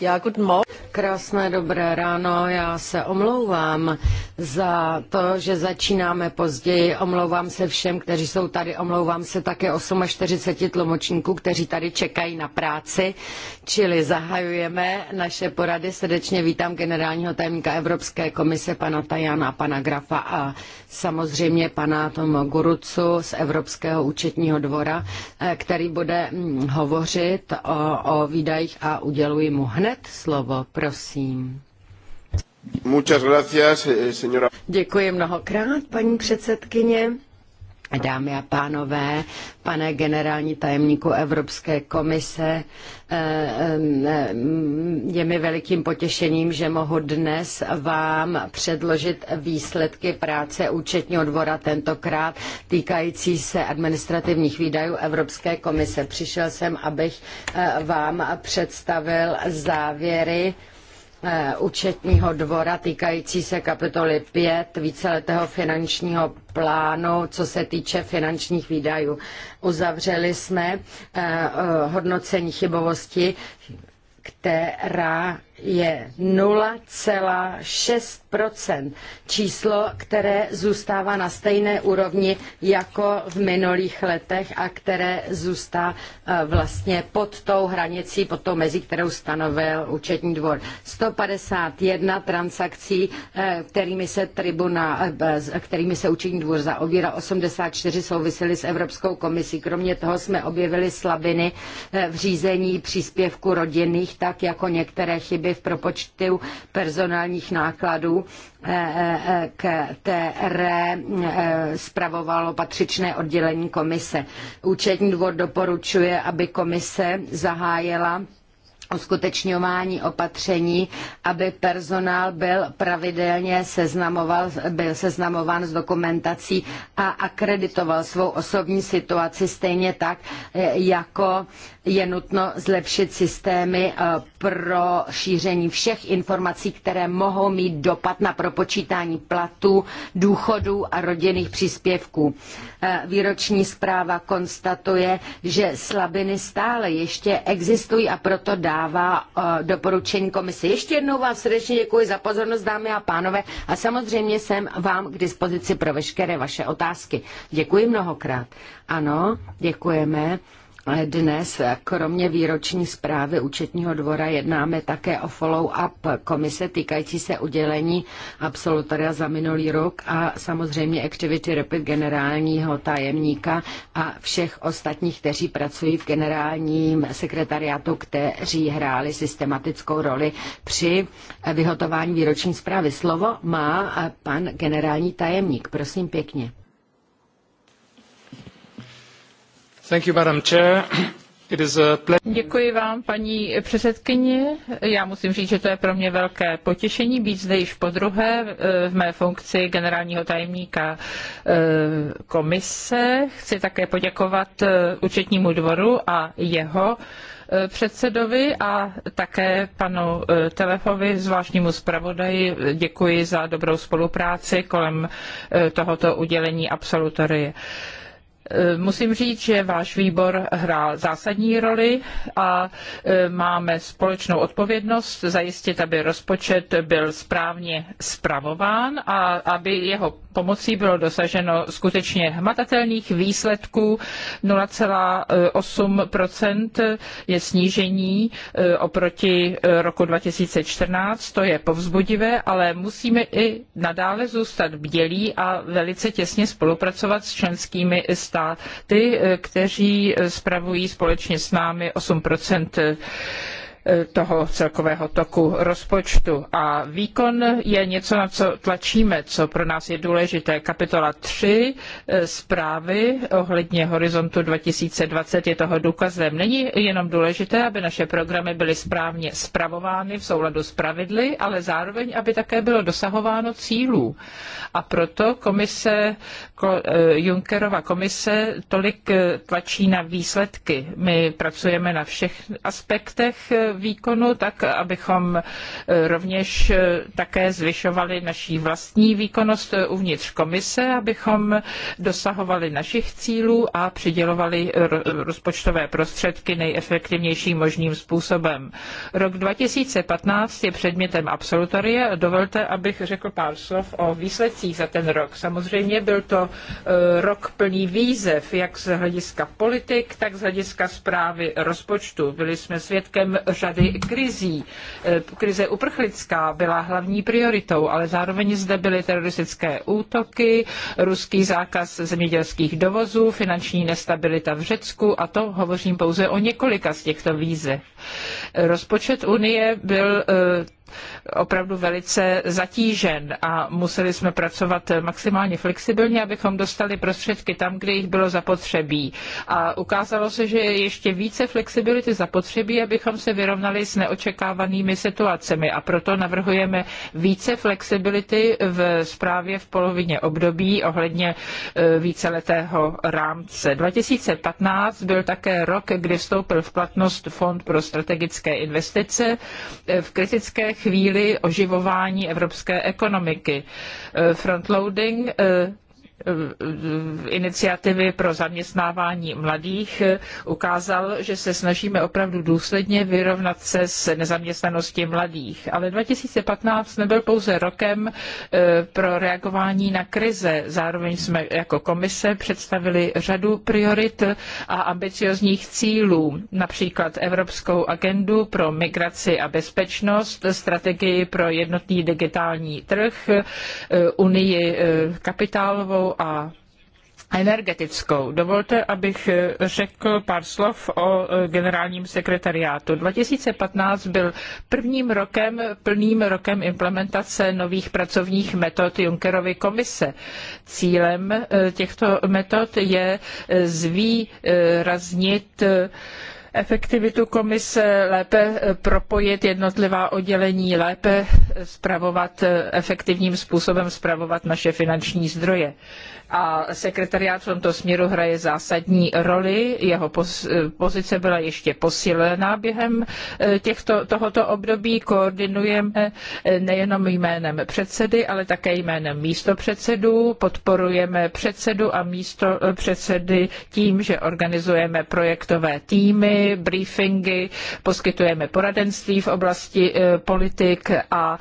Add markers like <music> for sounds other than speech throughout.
Já, guten Morgen. Krásné dobré ráno, já se omlouvám za to, že začínáme později. Omlouvám se všem, kteří jsou tady, omlouvám se také 48 tlumočníků, kteří tady čekají na práci, čili zahajujeme naše porady. Srdečně vítám generálního tajemníka Evropské komise, pana Tajana, pana Grafa a samozřejmě pana Tomo Gurucu z Evropského účetního dvora, eh, který bude mm, hovořit o, o výdajích a uděluji mu hned slovo, prosím. Eh, Děkuji mnohokrát, paní předsedkyně. Dámy a pánové, pane generální tajemníku Evropské komise, eh, eh, je mi velikým potěšením, že mohu dnes vám předložit výsledky práce účetního dvora tentokrát týkající se administrativních výdajů Evropské komise. Přišel jsem, abych vám představil závěry Eh, účetního dvora týkající se kapitoly 5 víceletého finančního plánu, co se týče finančních výdajů. Uzavřeli jsme eh, eh, hodnocení chybovosti, která je 0,6 číslo, které zůstává na stejné úrovni jako v minulých letech a které zůstá eh, vlastně pod tou hranicí, pod tou mezi, kterou stanovil účetní dvor. 151 transakcí, eh, kterými se, tribuna, eh, kterými se účetní dvor zaobíral, 84 souvisely s Evropskou komisí. Kromě toho jsme objevili slabiny v řízení příspěvku rodinných, tak jako některé chyby chyby v propočtu personálních nákladů, eh, eh, eh, které spravovalo patřičné oddělení komise. Účetní dvor doporučuje, aby komise zahájila uskutečňování opatření, aby personál byl pravidelně seznamoval, byl seznamován s dokumentací a akreditoval svou osobní situaci stejně tak, jako je nutno zlepšit systémy eh, pro šíření všech informací, které mohou mít dopad na propočítání platů, důchodů a rodinných příspěvků. Eh, výroční zpráva konstatuje, že slabiny stále ještě existují a proto dá dává eh, doporučení komisi. Ještě jednou vám srdečně děkuji za pozornost, dámy a pánové, a samozřejmě jsem vám k dispozici pro veškeré vaše otázky. Děkuji mnohokrát. Ano, děkujeme. Dnes, kromě výroční zprávy účetního dvora, jednáme také o follow-up komise týkající se udělení absolutoria za minulý rok a samozřejmě activity repit generálního tajemníka a všech ostatních, kteří pracují v generálním sekretariátu, kteří hráli systematickou roli při vyhotování výroční zprávy. Slovo má pan generální tajemník. Prosím pěkně. Děkuji vám, paní předsedkyně. Já musím říct, že to je pro mě velké potěšení být zde již po druhé eh, v mé funkci generálního tajemníka eh, komise. Chci také poděkovat eh, účetnímu dvoru a jeho předsedovi a také panu Telefovi, zvláštnímu zpravodaji. Děkuji za dobrou spolupráci kolem tohoto udělení absolutorie. Eh, musím říct, že váš výbor hrál zásadní roli a eh, máme společnou odpovědnost zajistit, aby rozpočet byl správně spravován a aby jeho pomocí bylo dosaženo skutečně hmatatelných výsledků. 0,8 je snížení eh, oproti roku 2014, to je povzbudivé, ale musíme i nadále zůstat bdělí a velice těsně spolupracovat s členskými ty, eh, kteří eh, spravují společně s námi 8 eh, toho celkového toku rozpočtu. A výkon je něco, na co tlačíme, co pro nás je důležité. Kapitola 3 zprávy ohledně horizontu 2020 je toho důkazem. Není jenom důležité, aby naše programy byly správně spravovány v souladu s pravidly, ale zároveň, aby také bylo dosahováno cílů. A proto komise Eh, Junckerova komise tolik eh, tlačí na výsledky. My pracujeme na všech aspektech eh, výkonu, tak abychom rovněž také zvyšovali naší vlastní výkonnost uvnitř komise, abychom dosahovali našich cílů a přidělovali rozpočtové prostředky nejefektivnějším možným způsobem. Rok 2015 je předmětem absolutoria. Dovolte, abych řekl pár slov o výsledcích za ten rok. Samozřejmě byl to Eh, rok plný výzev, jak z hlediska politik, tak z hlediska zprávy rozpočtu. Byli jsme svědkem řady krizí. Eh, krize uprchlická byla hlavní prioritou, ale zároveň zde byly teroristické útoky, ruský zákaz zemědělských dovozů, finanční nestabilita v Řecku a to hovořím pouze o několika z těchto výzev. Rozpočet Unie byl eh, opravdu velice zatížen a museli jsme pracovat maximálně flexibilně, abychom dostali prostředky tam, kde jich bylo zapotřebí. A ukázalo se, že je ještě více flexibility zapotřebí, abychom se vyrovnali s neočekávanými situacemi a proto navrhujeme více flexibility v zprávě v polovině období ohledně e, víceletého rámce. 2015 byl také rok, kdy vstoupil v platnost Fond pro strategické investice. E, v kritické chvíli oživování evropské ekonomiky. Eh, frontloading eh, iniciativy pro zaměstnávání mladých ukázal, že se snažíme opravdu důsledně vyrovnat se s nezaměstnaností mladých. Ale 2015 nebyl pouze rokem eh, pro reagování na krize. Zároveň jsme jako komise představili řadu priorit a ambiciozních cílů, například Evropskou agendu pro migraci a bezpečnost, strategii pro jednotný digitální trh, eh, Unii eh, kapitálovou a energetickou. Dovolte, abych eh, řekl pár slov o eh, generálním sekretariátu. 2015 byl prvním rokem, plným rokem implementace nových pracovních metod Junckerovy komise. Cílem eh, těchto metod je zvýraznit efektivitu komise, lépe eh, propojit jednotlivá oddělení, lépe spravovat eh, efektivním způsobem spravovat naše finanční zdroje a sekretariát v tomto směru hraje zásadní roli. Jeho pozice byla ještě posílena během eh, těchto, tohoto období. Koordinujeme eh, nejenom jménem předsedy, ale také jménem místopředsedů. Podporujeme předsedu a místo předsedy tím, že organizujeme projektové týmy, briefingy, poskytujeme poradenství v oblasti eh, politik a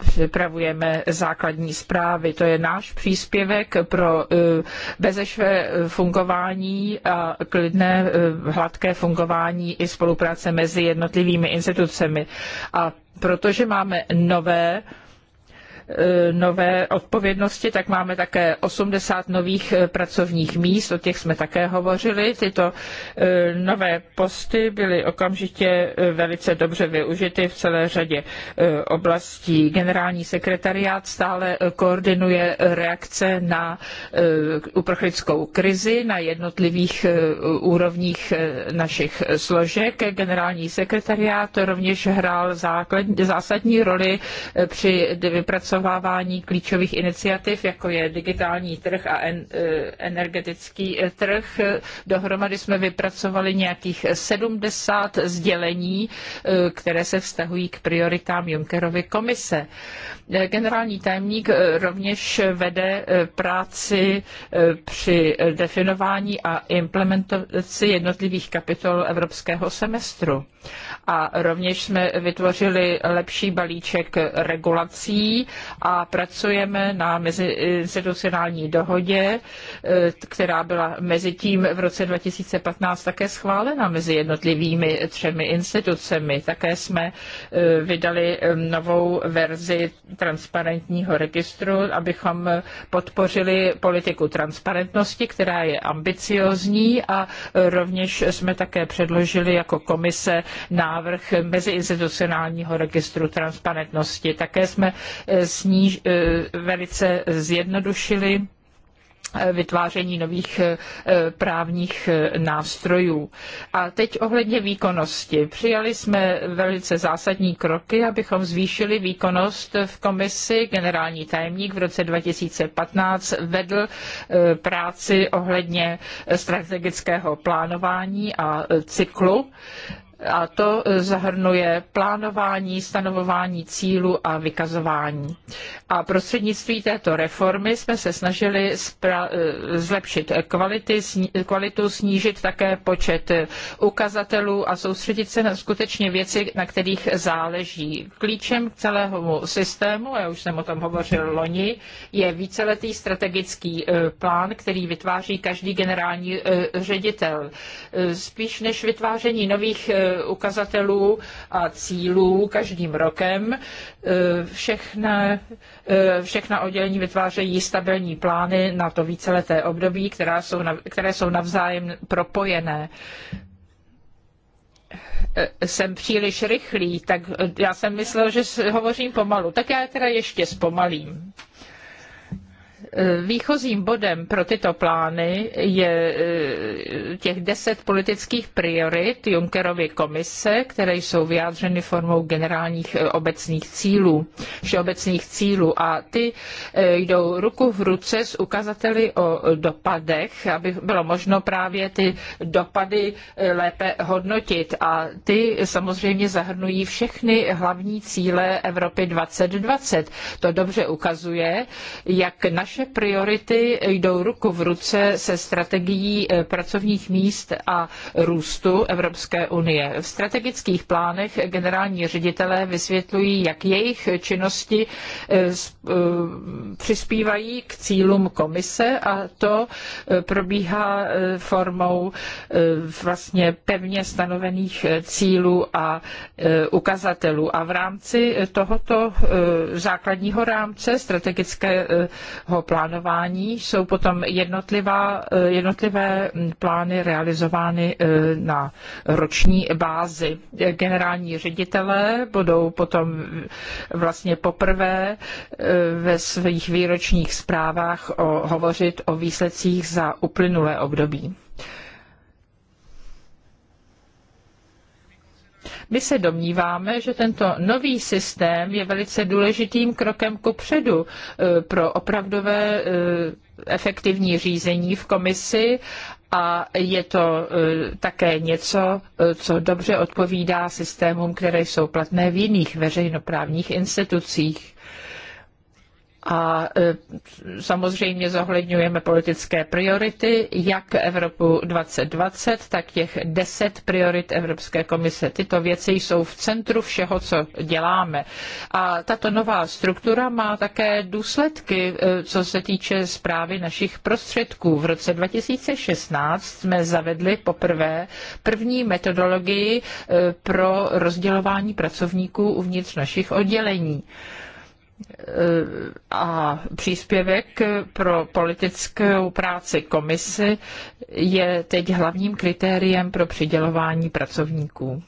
připravujeme základní zprávy. To je náš příspěvek pro E, bezešvé e, fungování a klidné e, hladké fungování i spolupráce mezi jednotlivými institucemi. A protože máme nové Eh, nové odpovědnosti, tak máme také 80 nových eh, pracovních míst, o těch jsme také hovořili. Tyto eh, nové posty byly okamžitě velice dobře využity v celé řadě oblastí. Generální sekretariát stále koordinuje reakce na uprchlickou krizi na jednotlivých úrovních našich složek. Generální sekretariát rovněž hrál zásadní roli při vypracování zpracovávání klíčových iniciativ, jako je digitální trh a e, energetický e, trh. Dohromady jsme vypracovali nějakých 70 sdělení, e, které se vztahují k prioritám Junckerovy komise. Generální tajemník rovněž vede práci při definování a implementaci jednotlivých kapitol evropského semestru. A rovněž jsme vytvořili lepší balíček regulací a pracujeme na meziinstitucionální dohodě, e, která byla mezi tím v roce 2015 také schválena mezi jednotlivými třemi institucemi. Také jsme e, vydali novou verzi transparentního registru, abychom podpořili politiku transparentnosti, která je ambiciozní a rovněž jsme také předložili jako komise návrh meziinstitucionálního registru transparentnosti. Také jsme eh, ní eh, velice zjednodušili eh, vytváření nových právních nástrojů. A teď ohledně výkonnosti. Přijali jsme velice zásadní kroky, abychom zvýšili výkonnost v komisi. Generální tajemník v roce 2015 vedl práci ohledně strategického plánování a cyklu a to e, zahrnuje plánování, stanovování cílu a vykazování. A prostřednictví této reformy jsme se snažili e, zlepšit kvality, kvalitu, snížit také počet e, ukazatelů a soustředit se na skutečně věci, na kterých záleží. Klíčem k celému systému, já už jsem o tom hovořil loni, je víceletý strategický plán, který vytváří každý generální ředitel. Spíš než vytváření nových Eh, ukazatelů a cílů každým rokem. Eh, všechna, eh, všechna oddělení vytvářejí stabilní plány na to víceleté období, která jsou, které jsou navzájem propojené jsem příliš rychlý, tak já jsem myslel, že hovořím pomalu. Tak já teda ještě zpomalím. Výchozím bodem pro tyto plány je eh, těch deset politických priorit Junckerovy komise, které jsou vyjádřeny formou generálních eh, obecných cílů, všeobecných cílů a ty eh, jdou ruku v ruce s ukazateli o dopadech, aby bylo možno právě ty dopady lépe hodnotit a ty samozřejmě zahrnují všechny hlavní cíle Evropy 2020. To dobře ukazuje, jak naše priority jdou ruku v ruce se strategií eh, pracovních míst a růstu Evropské unie. V strategických plánech generální ředitelé vysvětlují, jak jejich činnosti eh, eh, přispívají k cílům komise a to probíhá formou vlastně pevně stanovených cílů a ukazatelů. A v rámci tohoto základního rámce strategického plánování jsou potom jednotlivá, eh, jednotlivé hm, plány realizovány eh, na roční bázi. Eh, generální ředitelé budou potom hm, vlastně poprvé ve svých výročních zprávách o, hovořit o výsledcích za uplynulé období. My se domníváme, že tento nový systém je velice důležitým krokem ku předu eh, pro opravdové eh, efektivní řízení v komisi a je to eh, také něco, co dobře odpovídá systémům, které jsou platné v jiných veřejnoprávních institucích a e, samozřejmě zohledňujeme politické priority, jak Evropu 2020, tak těch deset priorit Evropské komise. Tyto věci jsou v centru všeho, co děláme. A tato nová struktura má také důsledky, e, co se týče zprávy našich prostředků. V roce 2016 jsme zavedli poprvé první metodologii e, pro rozdělování pracovníků uvnitř našich oddělení. Eh, a příspěvek pro politickou práci komisy je teď hlavním kritériem pro přidělování pracovníků.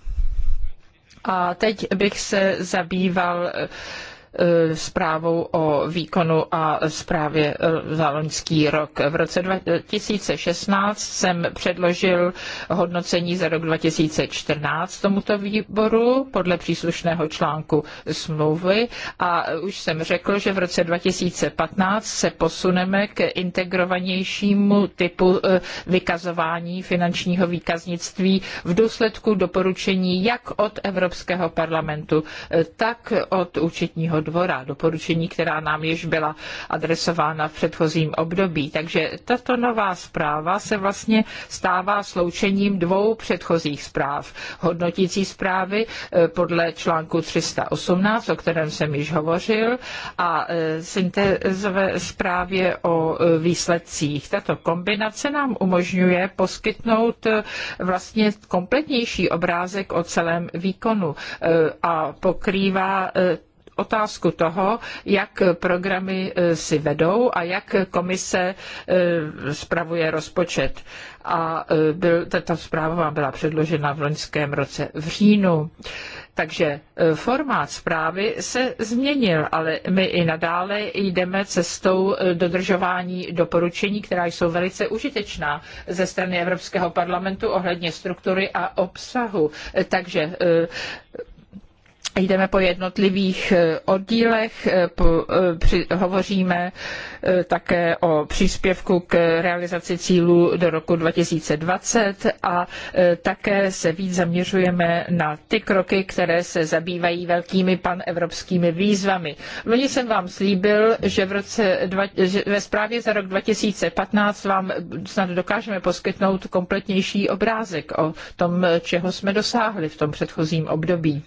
A teď bych se zabýval eh, Eh, zprávou o výkonu a zprávě eh, za loňský rok. V roce 2016 jsem předložil hodnocení za rok 2014 tomuto výboru podle příslušného článku smlouvy a už jsem řekl, že v roce 2015 se posuneme k integrovanějšímu typu eh, vykazování finančního výkaznictví v důsledku doporučení jak od Evropského parlamentu, tak od účetního dvora, doporučení, která nám již byla adresována v předchozím období. Takže tato nová zpráva se vlastně stává sloučením dvou předchozích zpráv. Hodnotící zprávy eh, podle článku 318, o kterém jsem již hovořil, a eh, syntézové zprávě o eh, výsledcích. Tato kombinace nám umožňuje poskytnout vlastně kompletnější obrázek o celém výkonu a pokrývá otázku toho, jak programy e, si vedou a jak komise e, spravuje rozpočet. A e, byl, tato zpráva vám byla předložena v loňském roce v říjnu. Takže formát zprávy se změnil, ale my i nadále jdeme cestou dodržování doporučení, která jsou velice užitečná ze strany Evropského parlamentu ohledně struktury a obsahu. Takže jdeme po jednotlivých eh, oddílech, eh, eh, hovoříme také o příspěvku k realizaci cílů do roku 2020 a také se víc zaměřujeme na ty kroky, které se zabývají velkými panevropskými výzvami. Loni jsem vám slíbil, že, v roce, že ve zprávě za rok 2015 vám snad dokážeme poskytnout kompletnější obrázek o tom, čeho jsme dosáhli v tom předchozím období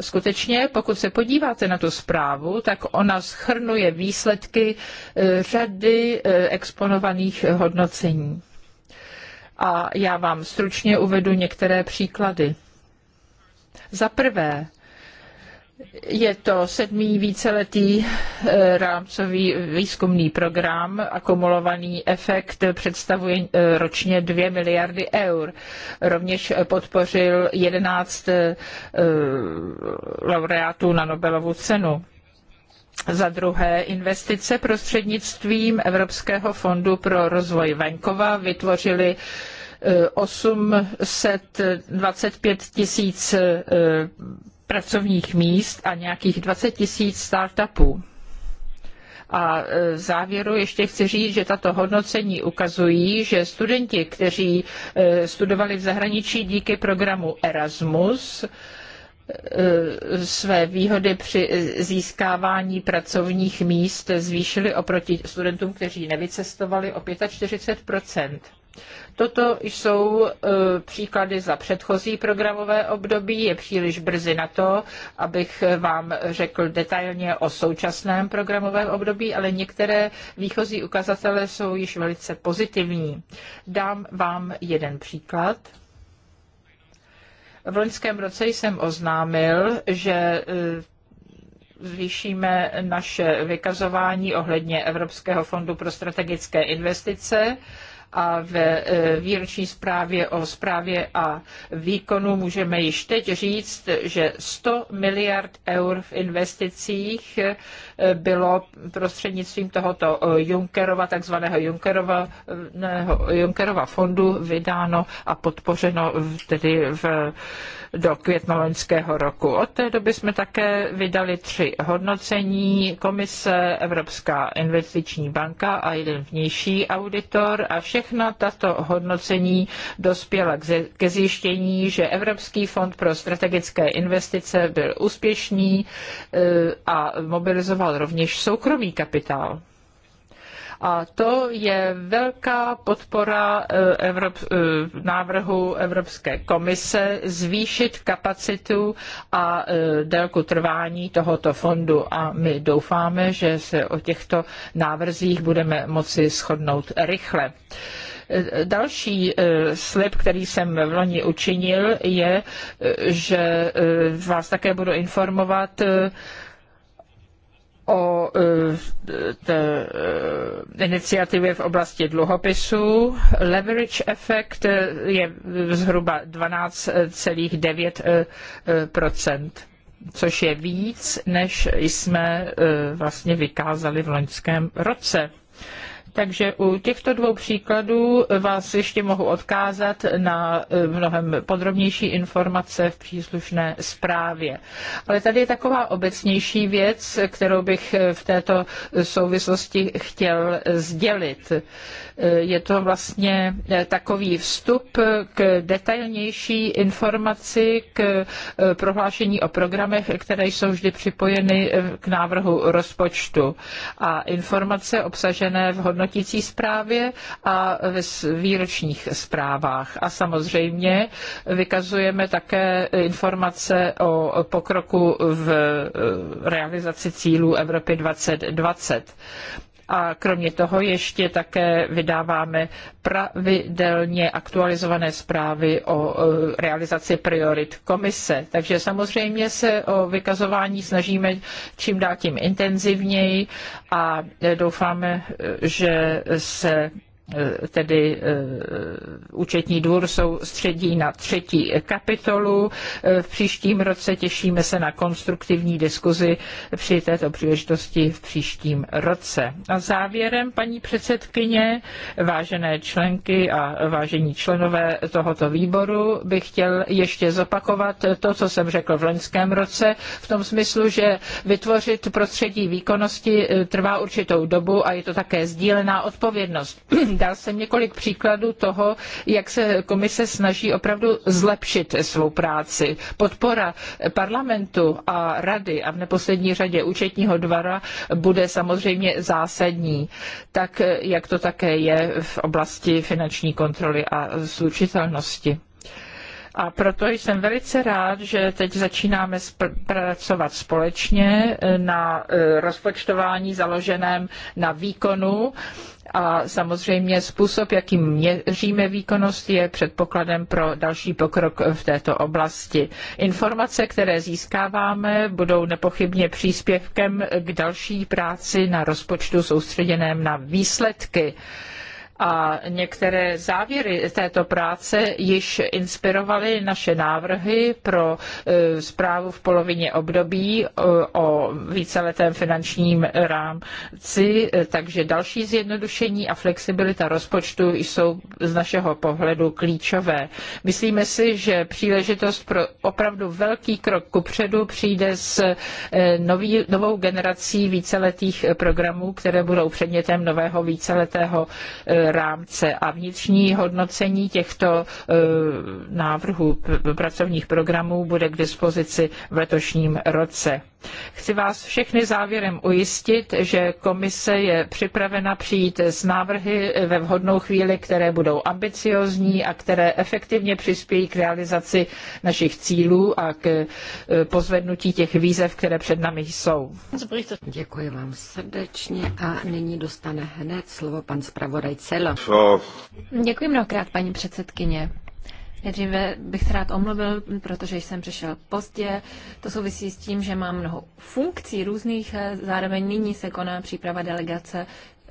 skutečně, pokud se podíváte na tu zprávu, tak ona schrnuje výsledky e, řady e, exponovaných hodnocení. A já vám stručně uvedu některé příklady. Za prvé, je to sedmý víceletý eh, rámcový výzkumný program. Akumulovaný efekt představuje eh, ročně 2 miliardy eur. Rovněž podpořil 11 eh, laureátů na Nobelovu cenu. Za druhé, investice prostřednictvím Evropského fondu pro rozvoj venkova vytvořily 825 tisíc pracovních míst a nějakých 20 tisíc startupů. A e, v závěru ještě chci říct, že tato hodnocení ukazují, že studenti, kteří e, studovali v zahraničí díky programu Erasmus, e, své výhody při získávání pracovních míst zvýšily oproti studentům, kteří nevycestovali o 45 Toto jsou eh, příklady za předchozí programové období. Je příliš brzy na to, abych vám řekl detailně o současném programovém období, ale některé výchozí ukazatele jsou již velice pozitivní. Dám vám jeden příklad. V loňském roce jsem oznámil, že eh, zvýšíme naše vykazování ohledně Evropského fondu pro strategické investice a ve e, výroční zprávě o zprávě a výkonu můžeme již teď říct, že 100 miliard eur v investicích e, bylo prostřednictvím tohoto e, Junckerova, takzvaného Junckerova, Junckerova fondu vydáno a podpořeno tedy v do května loňského roku. Od té doby jsme také vydali tři hodnocení Komise Evropská investiční banka a jeden vnější auditor a všechna tato hodnocení dospěla ke zjištění, že Evropský fond pro strategické investice byl úspěšný e, a mobilizoval rovněž soukromý kapitál. A to je velká podpora eh, Evrop- eh, návrhu Evropské komise zvýšit kapacitu a eh, délku trvání tohoto fondu. A my doufáme, že se o těchto návrzích budeme moci shodnout rychle. Další slib, který jsem v loni učinil, je, že vás také budu informovat o eh, t, eh, iniciativě v oblasti dluhopisů. Leverage efekt je zhruba 12,9 eh, což je víc, než jsme vlastně vykázali v loňském roce. Takže u těchto dvou příkladů vás ještě mohu odkázat na eh, mnohem podrobnější informace v příslušné zprávě. Ale tady je taková obecnější věc, kterou bych eh, v této souvislosti chtěl sdělit. Eh, je to vlastně takový vstup k detailnější informaci k prohlášení o programech, které jsou vždy připojeny k návrhu rozpočtu. A informace obsažené v hodnotě hodnotící zprávě a ve výročních zprávách. A samozřejmě vykazujeme také informace o pokroku v e, realizaci cílů Evropy 2020 a kromě toho ještě také vydáváme pravidelně aktualizované zprávy o e, realizaci priorit komise. Takže samozřejmě se o vykazování snažíme čím dál tím intenzivněji a e, doufáme, e, že se Eh, tedy eh, účetní dvůr soustředí na třetí kapitolu. Eh, v příštím roce těšíme se na konstruktivní diskuzi při této příležitosti v příštím roce. A závěrem, paní předsedkyně, vážené členky a vážení členové tohoto výboru, bych chtěl ještě zopakovat to, co jsem řekl v loňském roce, v tom smyslu, že vytvořit prostředí výkonnosti trvá určitou dobu a je to také sdílená odpovědnost Dal jsem několik příkladů toho, jak se komise snaží opravdu zlepšit svou práci. Podpora parlamentu a rady a v neposlední řadě účetního dvora bude samozřejmě zásadní, tak jak to také je v oblasti finanční kontroly a slučitelnosti. A proto jsem velice rád, že teď začínáme pracovat společně na eh, rozpočtování založeném na výkonu a samozřejmě způsob, jakým měříme výkonnost, je předpokladem pro další pokrok v této oblasti. Informace, které získáváme, budou nepochybně příspěvkem k další práci na rozpočtu soustředěném na výsledky a některé závěry této práce již inspirovaly naše návrhy pro e, zprávu v polovině období e, o víceletém finančním rámci, e, takže další zjednodušení a flexibilita rozpočtu jsou z našeho pohledu klíčové. Myslíme si, že příležitost pro opravdu velký krok kupředu přijde s nový, novou generací víceletých programů, které budou předmětem nového víceletého rámce rámce a vnitřní hodnocení těchto e, návrhů pracovních programů bude k dispozici v letošním roce. Chci vás všechny závěrem ujistit, že komise je připravena přijít s návrhy ve vhodnou chvíli, které budou ambiciozní a které efektivně přispějí k realizaci našich cílů a k eh, pozvednutí těch výzev, které před námi jsou. Děkuji vám srdečně a nyní dostane hned slovo pan zpravodaj Celo. Děkuji mnohokrát, paní předsedkyně. Nejdříve bych se rád omluvil, protože jsem přišel pozdě. To souvisí s tím, že mám mnoho funkcí různých. Zároveň nyní se koná příprava delegace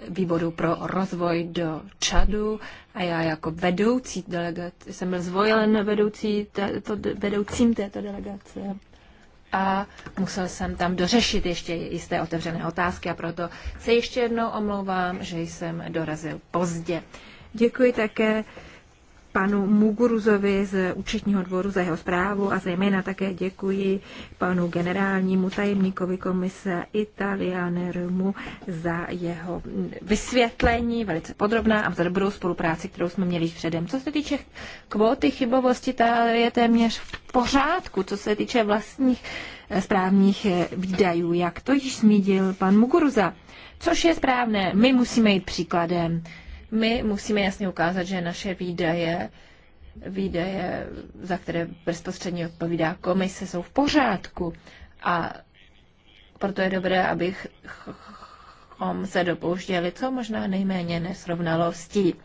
výboru pro rozvoj do Čadu a já jako vedoucí delegace, jsem byl zvolen vedoucí této, vedoucím této delegace a musel jsem tam dořešit ještě jisté otevřené otázky a proto se ještě jednou omlouvám, že jsem dorazil pozdě. Děkuji také panu Muguruzovi z účetního dvoru za jeho zprávu a zejména také děkuji panu generálnímu tajemníkovi komise Italianermu za jeho vysvětlení, velice podrobná a za dobrou spolupráci, kterou jsme měli předem. Co se týče kvóty chybovosti, ta je téměř v pořádku, co se týče vlastních eh, správních eh, výdajů, jak to již zmínil pan Muguruza. Což je správné, my musíme jít příkladem. My musíme jasně ukázat, že naše výdaje, výdaje, za které bezprostředně odpovídá komise, jsou v pořádku. A proto je dobré, abychom se dopouštěli co možná nejméně nesrovnalostí.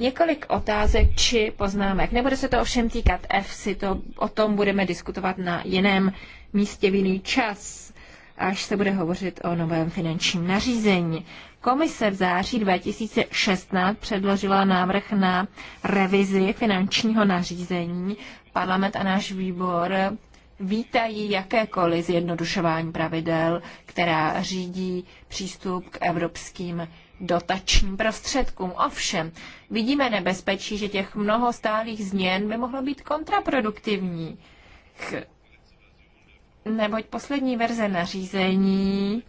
Několik otázek či poznámek. Nebude se to ovšem týkat si to, o tom budeme diskutovat na jiném místě v jiný čas, až se bude hovořit o novém finančním nařízení. Komise v září 2016 předložila návrh na revizi finančního nařízení. Parlament a náš výbor vítají jakékoliv zjednodušování pravidel, která řídí přístup k evropským dotačním prostředkům. Ovšem, vidíme nebezpečí, že těch mnoho stálých změn by mohlo být kontraproduktivní. Neboť poslední verze nařízení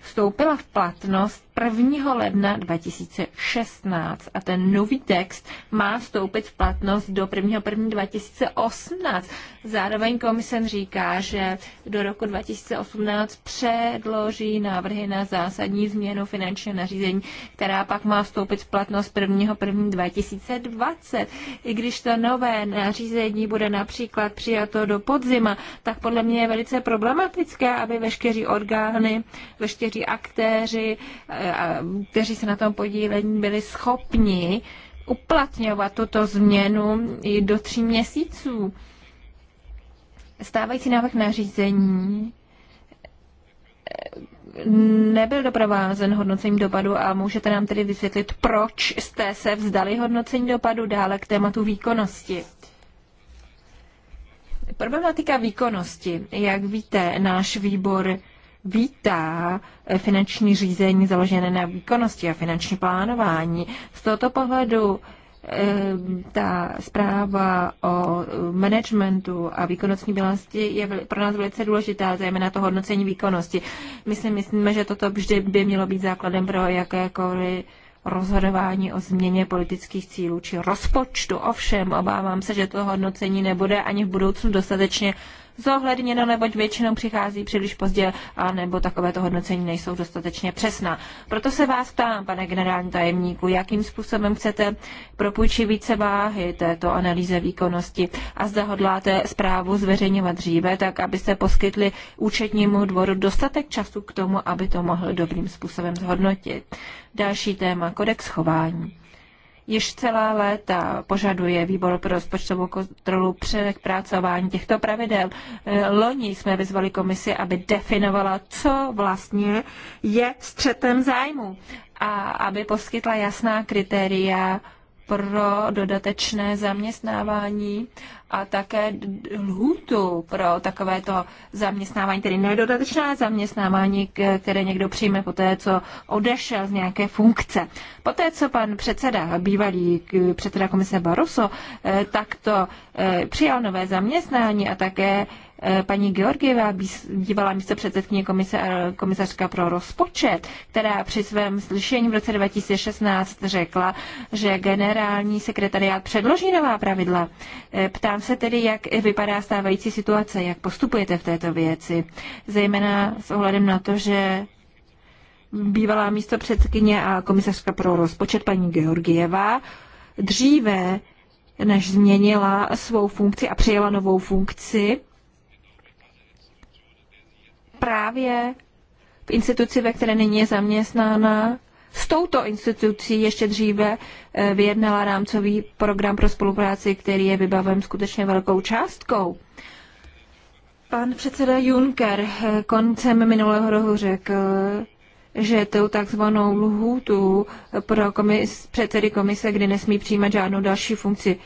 vstoupila v platnost 1. ledna 2016 a ten nový text má vstoupit v platnost do 1. 1. 2018. Zároveň komise říká, že do roku 2018 předloží návrhy na zásadní změnu finančního nařízení, která pak má vstoupit v platnost 1. 1. 2020. I když to nové nařízení bude například přijato do podzima, tak podle mě je velice problematické, aby veškeří orgány, veškeří aktéři, kteří se na tom podílení byli schopni uplatňovat tuto změnu i do tří měsíců. Stávající návrh nařízení eh, nebyl doprovázen hodnocením dopadu a můžete nám tedy vysvětlit, proč jste se vzdali hodnocení dopadu dále k tématu výkonnosti. Problematika výkonnosti. Jak víte, náš výbor vítá eh, finanční řízení založené na výkonnosti a finanční plánování. Z tohoto pohledu eh, ta zpráva o eh, managementu a výkonnostní bilanci je pro nás velice důležitá, zejména to hodnocení výkonnosti. My si myslíme, že toto vždy by mělo být základem pro jakékoliv rozhodování o změně politických cílů či rozpočtu. Ovšem, obávám se, že to hodnocení nebude ani v budoucnu dostatečně zohledněno, neboť většinou přichází příliš pozdě a nebo takovéto hodnocení nejsou dostatečně přesná. Proto se vás ptám, pane generální tajemníku, jakým způsobem chcete propůjčit více váhy této analýze výkonnosti a zda hodláte zprávu zveřejňovat dříve, tak abyste poskytli účetnímu dvoru dostatek času k tomu, aby to mohl dobrým způsobem zhodnotit. Další téma, kodex chování. Již celá léta požaduje výbor pro rozpočtovou kontrolu přepracování těchto pravidel. Eh, loni jsme vyzvali komisi, aby definovala, co vlastně je střetem zájmu a aby poskytla jasná kritéria pro dodatečné zaměstnávání a také lhůtu pro takovéto zaměstnávání, tedy nedodatečné zaměstnávání, které někdo přijme po té, co odešel z nějaké funkce. Po té, co pan předseda, bývalý předseda komise Barroso, eh, takto eh, přijal nové zaměstnání a také Eh, paní Georgieva, bývalá místo předsedkyně komise, eh, komisařka pro rozpočet, která při svém slyšení v roce 2016 řekla, že generální sekretariát předloží nová pravidla. Eh, ptám se tedy, jak vypadá stávající situace, jak postupujete v této věci, zejména s ohledem na to, že bývalá místo předsedkyně a komisařka pro rozpočet paní Georgieva dříve než změnila svou funkci a přijela novou funkci, právě v instituci, ve které nyní je zaměstnána, s touto institucí ještě dříve eh, vyjednala rámcový program pro spolupráci, který je vybaven skutečně velkou částkou. Pan předseda Juncker eh, koncem minulého roku řekl, že tou takzvanou lhůtu pro komis, předsedy komise, kdy nesmí přijímat žádnou další funkci,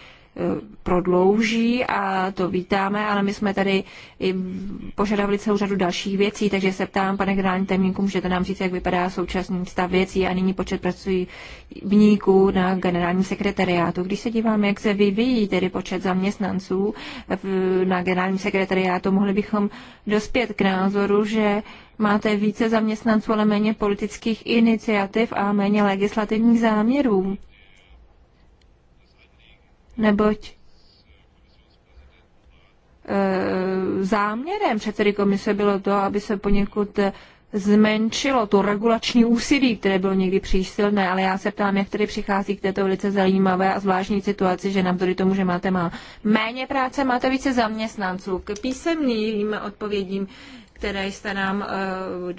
prodlouží a to vítáme, ale my jsme tady i požadovali celou řadu dalších věcí, takže se ptám, pane generální temníku, můžete nám říct, jak vypadá současný stav věcí a nyní počet pracovníků na generálním sekretariátu. Když se dívám, jak se vyvíjí tedy počet zaměstnanců na generálním sekretariátu, mohli bychom dospět k názoru, že máte více zaměstnanců, ale méně politických iniciativ a méně legislativních záměrů neboť e, záměrem předsedy komise bylo to, aby se poněkud zmenšilo to regulační úsilí, které bylo někdy příliš silné, ale já se ptám, jak tedy přichází k této velice zajímavé a zvláštní situaci, že nám tady tomu, že máte má méně práce, máte více zaměstnanců. K písemným odpovědím, které jste nám,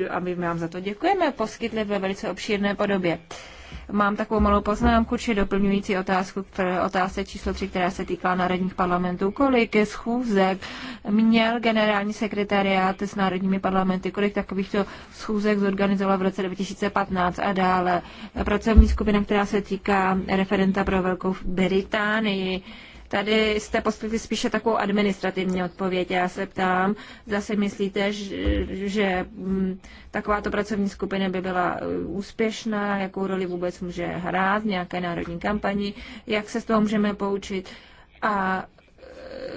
e, a my vám za to děkujeme, poskytli ve velice obšírné podobě. Mám takovou malou poznámku či doplňující otázku k otázce číslo 3, která se týká národních parlamentů. Kolik schůzek měl generální sekretariát s národními parlamenty? Kolik takovýchto schůzek zorganizoval v roce 2015 a dále? Pracovní skupina, která se týká referenta pro Velkou Británii, Tady jste poskytli spíše takovou administrativní odpověď. Já se ptám, zase myslíte, že mm, takováto pracovní skupina by byla uh, úspěšná, jakou roli vůbec může hrát v nějaké národní kampani, jak se z toho můžeme poučit a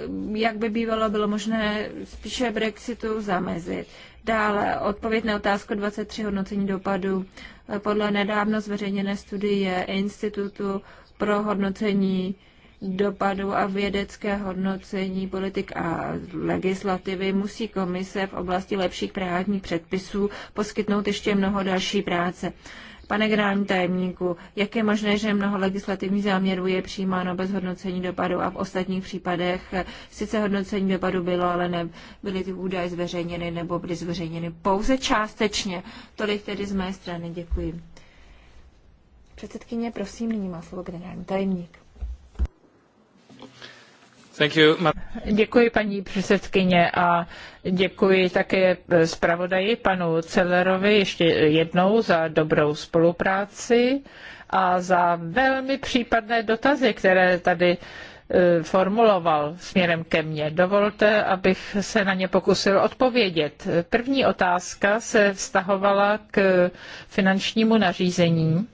uh, jak by bývalo bylo možné spíše Brexitu zamezit. Dále odpověď na otázku 23 hodnocení dopadu. Podle nedávno zveřejněné studie Institutu pro hodnocení dopadu a vědecké hodnocení politik a legislativy musí komise v oblasti lepších právních předpisů poskytnout ještě mnoho další práce. Pane generální tajemníku, jak je možné, že mnoho legislativních záměrů je přijímáno bez hodnocení dopadu a v ostatních případech sice hodnocení dopadu bylo, ale nebyly ty údaje zveřejněny nebo byly zveřejněny pouze částečně. Tolik tedy z mé strany, děkuji. Předsedkyně, prosím, nyní má slovo generální tajemník. Děkuji paní předsedkyně a děkuji také zpravodaji panu Cellerovi ještě jednou za dobrou spolupráci a za velmi případné dotazy, které tady e, formuloval směrem ke mně. Dovolte, abych se na ně pokusil odpovědět. První otázka se vztahovala k finančnímu nařízení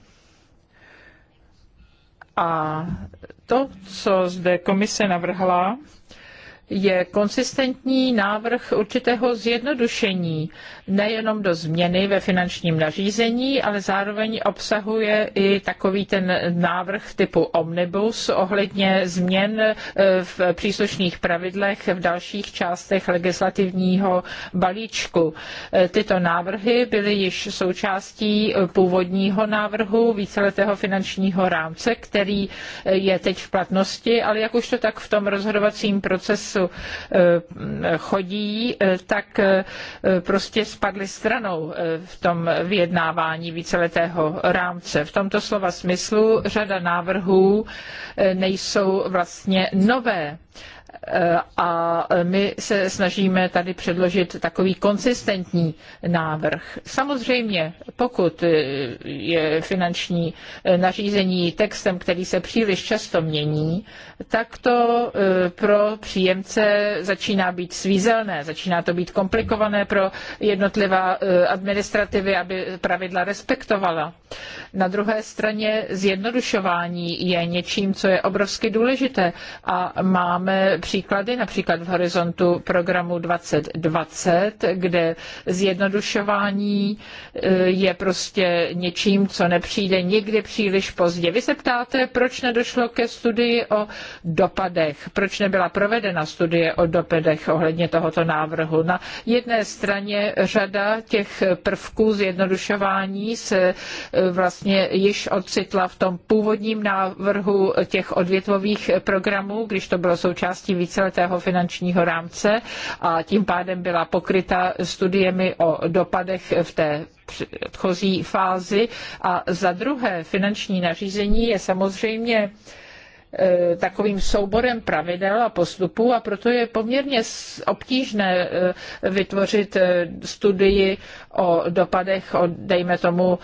a to, co zde komise navrhla, je konsistentní návrh určitého zjednodušení, nejenom do změny ve finančním nařízení, ale zároveň obsahuje i takový ten návrh typu omnibus ohledně změn eh, v příslušných pravidlech v dalších částech legislativního balíčku. Eh, tyto návrhy byly již součástí původního návrhu víceletého finančního rámce, který eh, je teď v platnosti, ale jak už to tak v tom rozhodovacím procesu času eh, chodí, eh, tak eh, prostě spadly stranou v tom vyjednávání víceletého rámce. V tomto slova smyslu řada návrhů nejsou vlastně nové a my se snažíme tady předložit takový konsistentní návrh. Samozřejmě, pokud je finanční nařízení textem, který se příliš často mění, tak to eh, pro příjemce začíná být svízelné, začíná to být komplikované pro jednotlivá eh, administrativy, aby pravidla respektovala. Na druhé straně zjednodušování je něčím, co je obrovsky důležité a máme příklady, například v horizontu programu 2020, kde zjednodušování e, je prostě něčím, co nepřijde nikdy příliš pozdě. Vy se ptáte, proč nedošlo ke studii o dopadech, proč nebyla provedena studie o dopadech ohledně tohoto návrhu. Na jedné straně řada těch prvků zjednodušování se e, vlastně již ocitla v tom původním návrhu těch odvětvových programů, když to bylo součástí součástí víceletého finančního rámce a tím pádem byla pokryta studiemi o dopadech v té předchozí fázi. A za druhé, finanční nařízení je samozřejmě E, takovým souborem pravidel a postupů a proto je poměrně obtížné e, vytvořit e, studii o dopadech, o, dejme tomu,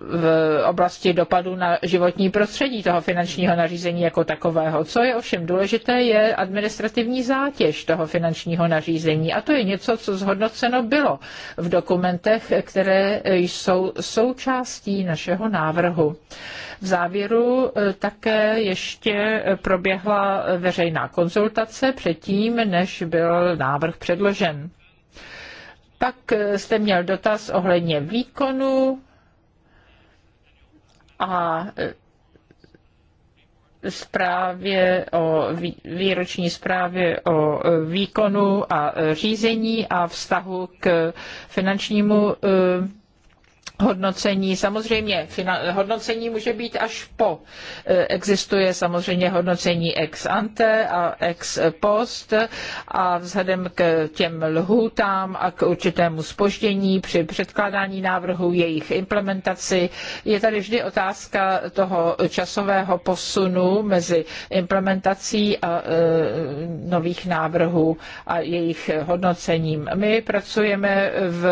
v oblasti dopadu na životní prostředí toho finančního nařízení jako takového. Co je ovšem důležité, je administrativní zátěž toho finančního nařízení. A to je něco, co zhodnoceno bylo v dokumentech, které jsou součástí našeho návrhu. V závěru e, také ještě proběhla veřejná konzultace předtím, než byl návrh předložen. Pak e, jste měl dotaz ohledně výkonu a e, zprávě o výroční zprávě o výkonu a řízení a vztahu k finančnímu hodnocení. Samozřejmě hodnocení může být až po. E, existuje samozřejmě hodnocení ex ante a ex post a vzhledem k těm lhůtám a k určitému spoždění při předkládání návrhu jejich implementaci je tady vždy otázka toho časového posunu mezi implementací a e, nových návrhů a jejich hodnocením. My pracujeme v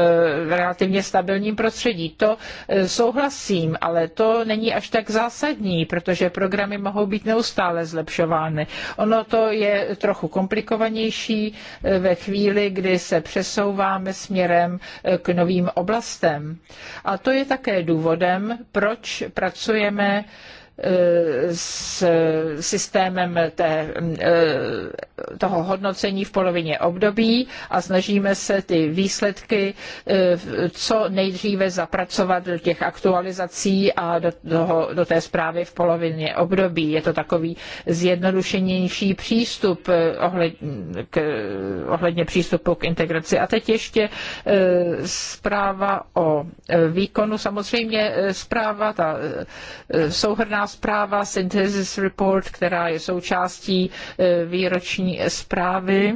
relativně stabilním prostředí to e, souhlasím, ale to není až tak zásadní, protože programy mohou být neustále zlepšovány. Ono to je trochu komplikovanější e, ve chvíli, kdy se přesouváme směrem e, k novým oblastem. A to je také důvodem, proč pracujeme s systémem té toho hodnocení v polovině období a snažíme se ty výsledky eh, co nejdříve zapracovat do těch aktualizací a do, toho, do té zprávy v polovině období. Je to takový zjednodušenější přístup eh, k, ohledně přístupu k integraci. A teď ještě eh, zpráva o výkonu. Samozřejmě zpráva, ta souhrná zpráva, synthesis report, která je součástí výroční výroční zprávy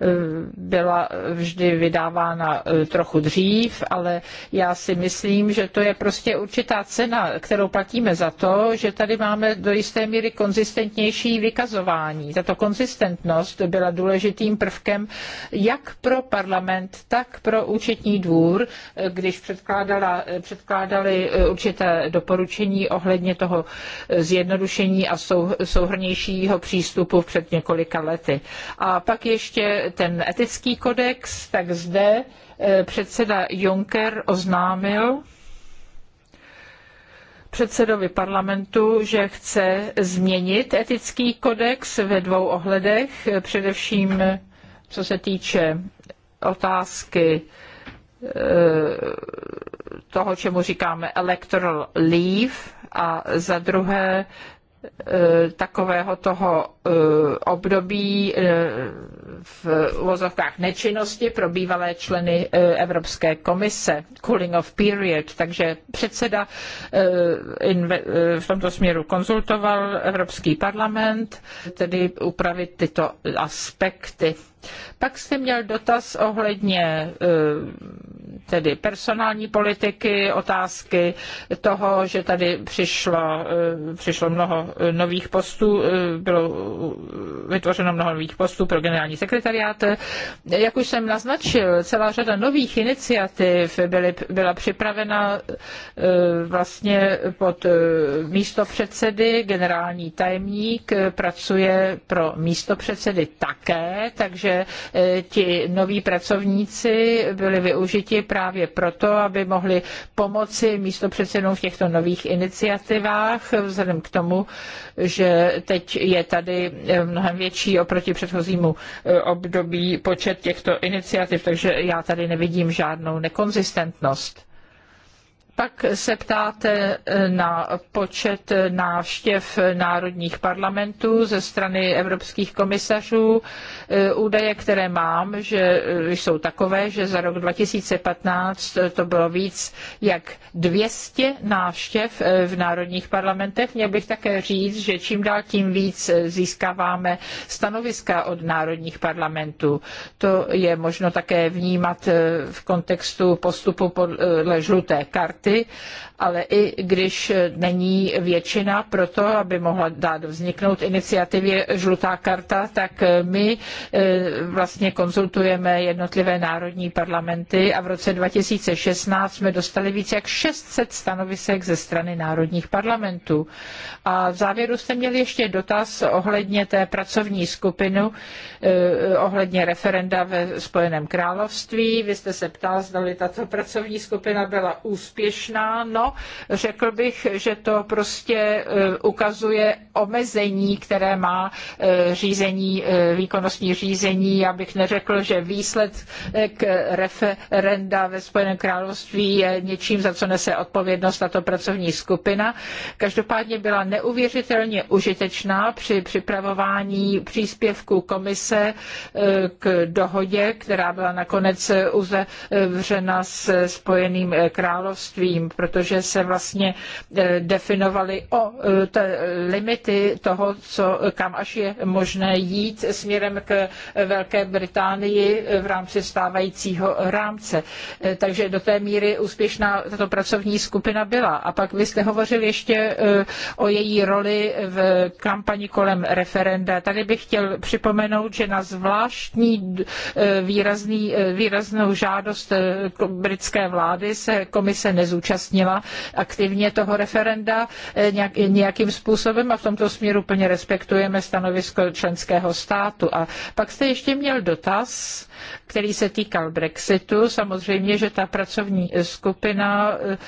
Eh, byla vždy vydávána eh, trochu dřív, ale já si myslím, že to je prostě určitá cena, kterou platíme za to, že tady máme do jisté míry konzistentnější vykazování. Tato konzistentnost byla důležitým prvkem jak pro parlament, tak pro účetní dvůr, eh, když předkládala, předkládali určité doporučení ohledně toho zjednodušení a souhrnějšího přístupu před několika lety. A pak ještě ten etický kodex, tak zde eh, předseda Juncker oznámil předsedovi parlamentu, že chce změnit etický kodex ve dvou ohledech, eh, především eh, co se týče otázky toho, čemu říkáme electoral leave a za druhé Eh, takového toho eh, období eh, v uvozovkách nečinnosti pro bývalé členy Evropské komise, cooling off period, takže předseda v tomto směru konzultoval Evropský parlament, tedy upravit tyto aspekty. Pak jste měl dotaz ohledně tedy personální politiky, otázky toho, že tady přišlo, eh, přišlo mnoho eh, nových postů, eh, bylo vytvořeno mnoho nových postů pro generální sekretariát. Jak už jsem naznačil, celá řada nových iniciativ byly, byla připravena vlastně pod místo předsedy, generální tajemník pracuje pro místo předsedy také, takže ti noví pracovníci byli využiti právě proto, aby mohli pomoci místo v těchto nových iniciativách, vzhledem k tomu, že teď je tady eh, mnohem větší oproti předchozímu eh, období počet těchto iniciativ, takže já tady nevidím žádnou nekonzistentnost pak se ptáte eh, na počet návštěv národních parlamentů ze strany evropských komisařů. Eh, údaje, které mám, že eh, jsou takové, že za rok 2015 to bylo víc jak 200 návštěv v národních parlamentech. Měl bych také říct, že čím dál tím víc získáváme stanoviska od národních parlamentů. To je možno také vnímat v kontextu postupu podle žluté karty státy, ale i když není většina pro to, aby mohla dát vzniknout iniciativě Žlutá karta, tak my eh, vlastně konzultujeme jednotlivé národní parlamenty a v roce 2016 jsme dostali více jak 600 stanovisek ze strany národních parlamentů. A v závěru jste měli ještě dotaz ohledně té pracovní skupiny, eh, ohledně referenda ve Spojeném království. Vy jste se ptal, zda tato pracovní skupina byla úspěšná úspěšná? No, řekl bych, že to prostě e, ukazuje omezení, které má e, řízení, e, výkonnostní řízení. Já bych neřekl, že výsledek referenda ve Spojeném království je něčím, za co nese odpovědnost tato pracovní skupina. Každopádně byla neuvěřitelně užitečná při připravování příspěvku komise k dohodě, která byla nakonec uzavřena s Spojeným královstvím vím, protože se vlastně eh, definovaly o eh, limity toho, co, kam až je možné jít směrem k Velké Británii v rámci stávajícího rámce. Eh, takže do té míry úspěšná tato pracovní skupina byla. A pak vy jste hovořil ještě o její roli v kampani kolem referenda. Tady bych chtěl připomenout, že na zvláštní výrazný, výraznou žádost britské vlády se komise nezúčastnila zúčastnila aktivně toho referenda eh, nějakým způsobem a v tomto směru plně respektujeme stanovisko členského státu. A pak jste ještě měl dotaz, který se týkal Brexitu. Samozřejmě, že ta pracovní skupina eh,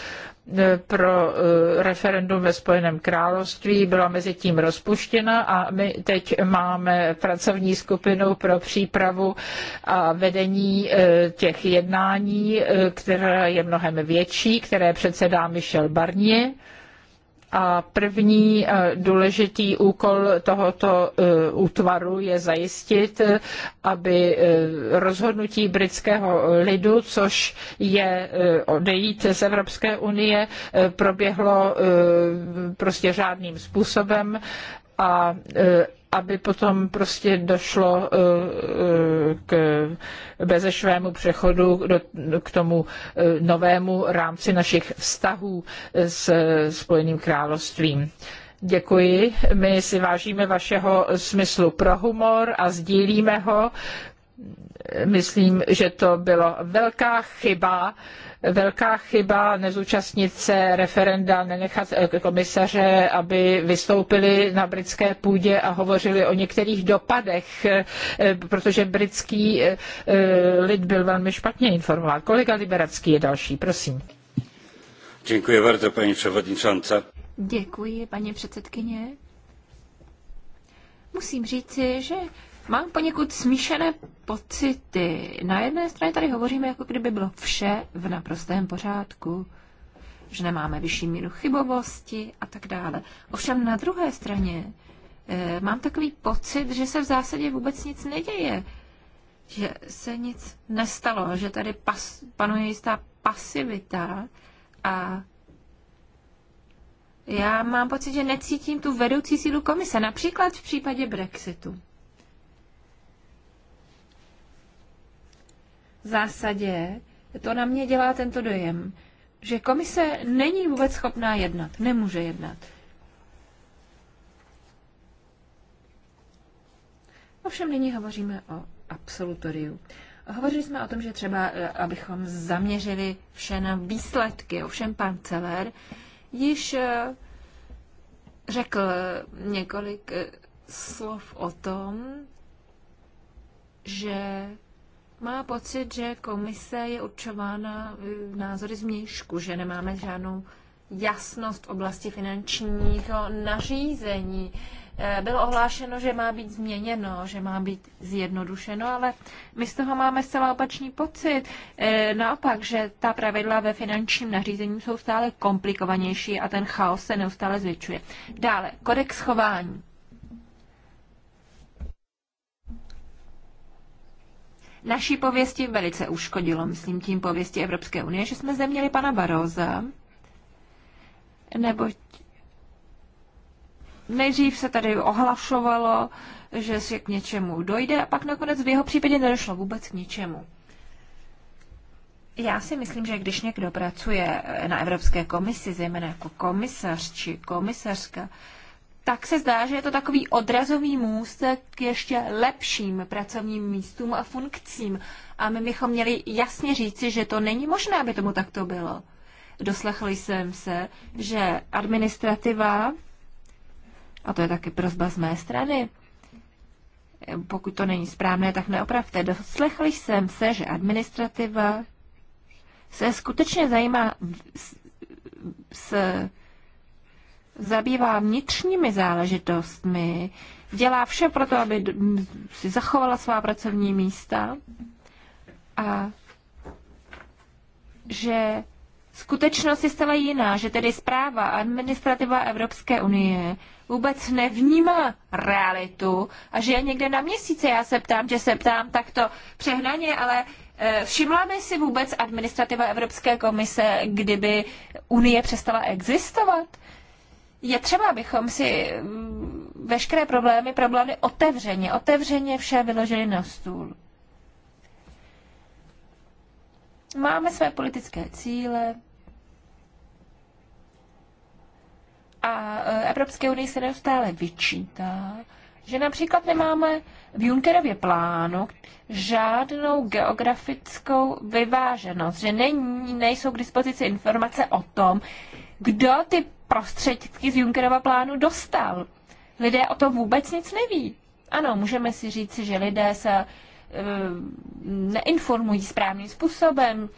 E, pro e, referendum ve Spojeném království byla mezi tím rozpuštěna a my teď máme pracovní skupinu pro přípravu a vedení e, těch jednání, která je mnohem větší, které předsedá Michel Barnier a první eh, důležitý úkol tohoto eh, útvaru je zajistit, eh, aby rozhodnutí britského lidu, což je odejít z Evropské unie, proběhlo prostě řádným způsobem a aby potom prostě došlo eh, eh, k bezešvému přechodu k tomu eh, novému rámci našich vztahů s Spojeným královstvím. Děkuji. My si vážíme vašeho smyslu pro humor a sdílíme ho. Myslím, že to byla velká chyba, velká chyba nezúčastnit se referenda, nenechat eh, komisaře, aby vystoupili na britské půdě a hovořili o některých dopadech, eh, protože britský eh, lid byl velmi špatně informován. Kolega Liberacký je další, prosím. Děkuji bardzo, paní předsedající. Děkuji, paní předsedkyně. Musím říci, že Mám poněkud smíšené pocity. Na jedné straně tady hovoříme, jako kdyby bylo vše v naprostém pořádku, že nemáme vyšší míru chybovosti a tak dále. Ovšem na druhé straně e, mám takový pocit, že se v zásadě vůbec nic neděje, že se nic nestalo, že tady pas, panuje jistá pasivita a já mám pocit, že necítím tu vedoucí sílu komise, například v případě Brexitu. zásadě to na mě dělá tento dojem, že komise není vůbec schopná jednat, nemůže jednat. Ovšem nyní hovoříme o absolutoriu. Hovořili jsme o tom, že třeba, eh, abychom zaměřili vše na výsledky. Ovšem pan Celer již eh, řekl několik eh, slov o tom, že má pocit, že komise je určována e, názory zvnějšku, že nemáme žádnou jasnost v oblasti finančního nařízení. E, bylo ohlášeno, že má být změněno, že má být zjednodušeno, ale my z toho máme zcela opačný pocit. E, naopak, že ta pravidla ve finančním nařízení jsou stále komplikovanější a ten chaos se neustále zvětšuje. Dále, kodex chování. naší pověsti velice uškodilo, myslím tím pověsti Evropské unie, že jsme zde měli pana Baroza, neboť nejdřív se tady ohlašovalo, že se k něčemu dojde a pak nakonec v jeho případě nedošlo vůbec k ničemu. Já si myslím, že když někdo pracuje na Evropské komisi, zejména jako komisař či komisařka, tak se zdá, že je to takový odrazový můstek k ještě lepším pracovním místům a funkcím. A my bychom měli jasně říci, že to není možné, aby tomu takto bylo. Doslechli jsem se, že administrativa, a to je taky prozba z mé strany, pokud to není správné, tak neopravte. Doslechli jsem se, že administrativa se skutečně zajímá s, s zabývá vnitřními záležitostmi, dělá vše pro to, aby si zachovala svá pracovní místa a že skutečnost je zcela jiná, že tedy zpráva administrativa Evropské unie vůbec nevnímá realitu a že je někde na měsíce. Já se ptám, že se ptám takto přehnaně, ale eh, Všimla by si vůbec administrativa Evropské komise, kdyby Unie přestala existovat? je třeba, abychom si mm, veškeré problémy, problémy otevřeně, otevřeně vše vyložili na stůl. Máme své politické cíle a e, Evropské unii se neustále vyčítá, že například nemáme v Junckerově plánu žádnou geografickou vyváženost, že není, nejsou k dispozici informace o tom, kdo ty prostředky z Junckerova plánu dostal. Lidé o tom vůbec nic neví. Ano, můžeme si říct, že lidé se eh, neinformují správným způsobem,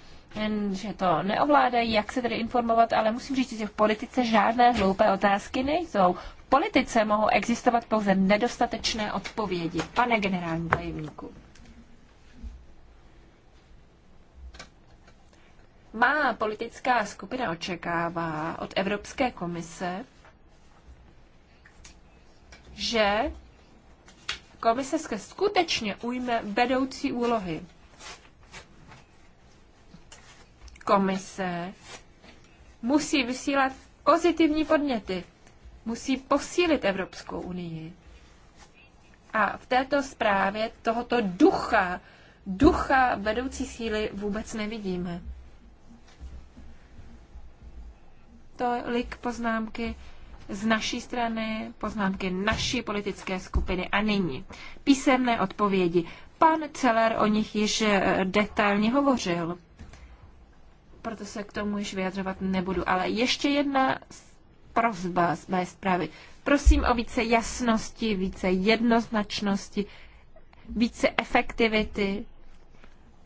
že to neovládají, jak se tedy informovat, ale musím říct, že v politice žádné hloupé otázky nejsou. V politice mohou existovat pouze nedostatečné odpovědi. Pane generální tajemníku. má politická skupina očekává od Evropské komise, že komise skutečně ujme vedoucí úlohy. Komise musí vysílat pozitivní podněty, musí posílit Evropskou unii. A v této zprávě tohoto ducha, ducha vedoucí síly vůbec nevidíme. Tolik poznámky z naší strany, poznámky naší politické skupiny. A nyní písemné odpovědi. Pan Celer o nich již eh, detailně hovořil, proto se k tomu již vyjadřovat nebudu. Ale ještě jedna prozba z mé zprávy. Prosím o více jasnosti, více jednoznačnosti, více efektivity,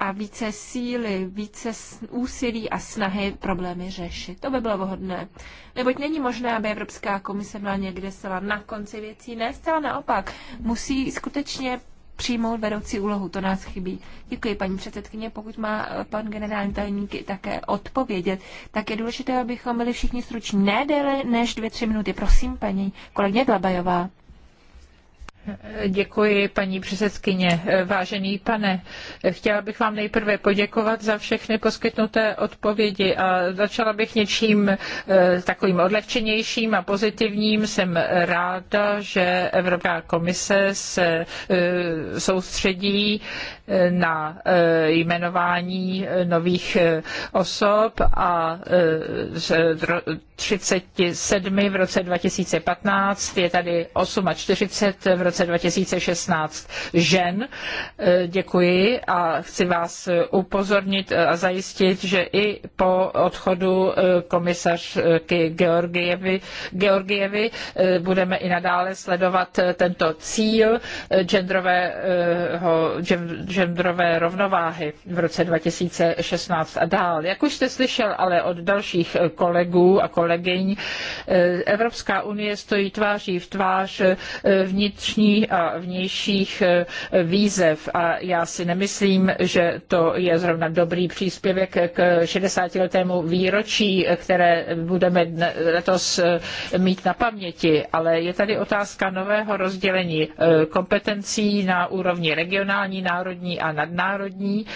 a více síly, více úsilí a snahy problémy řešit. To by bylo vhodné. Neboť není možné, aby Evropská komise byla někde zcela na konci věcí. Ne, zcela naopak. Musí skutečně přijmout vedoucí úlohu, to nás chybí. Děkuji, paní předsedkyně. Pokud má eh, pan generální tajemník také odpovědět, tak je důležité, abychom byli všichni struční. Ne déle než dvě, tři minuty. Prosím, paní kolegyně Dlabajová. Děkuji, paní předsedkyně. Vážený pane, chtěla bych vám nejprve poděkovat za všechny poskytnuté odpovědi a začala bych něčím eh, takovým odlehčenějším a pozitivním. Jsem ráda, že Evropská komise se eh, soustředí eh, na jmenování nových osob a 37 v roce 2015, je tady 48 v roce 2016 žen. E, děkuji a chci vás upozornit a zajistit, že i po odchodu e, komisařky Georgievy, Georgievy e, budeme i nadále sledovat tento cíl genderového, genderové rovnováhy v roce 2016 a dál. Jak už jste slyšel ale od dalších kolegů a kolegů, kolegyň. Evropská unie stojí tváří v tvář vnitřní a vnějších výzev a já si nemyslím, že to je zrovna dobrý příspěvek k 60 letému výročí, které budeme letos mít na paměti, ale je tady otázka nového rozdělení kompetencí na úrovni regionální, národní a nadnárodní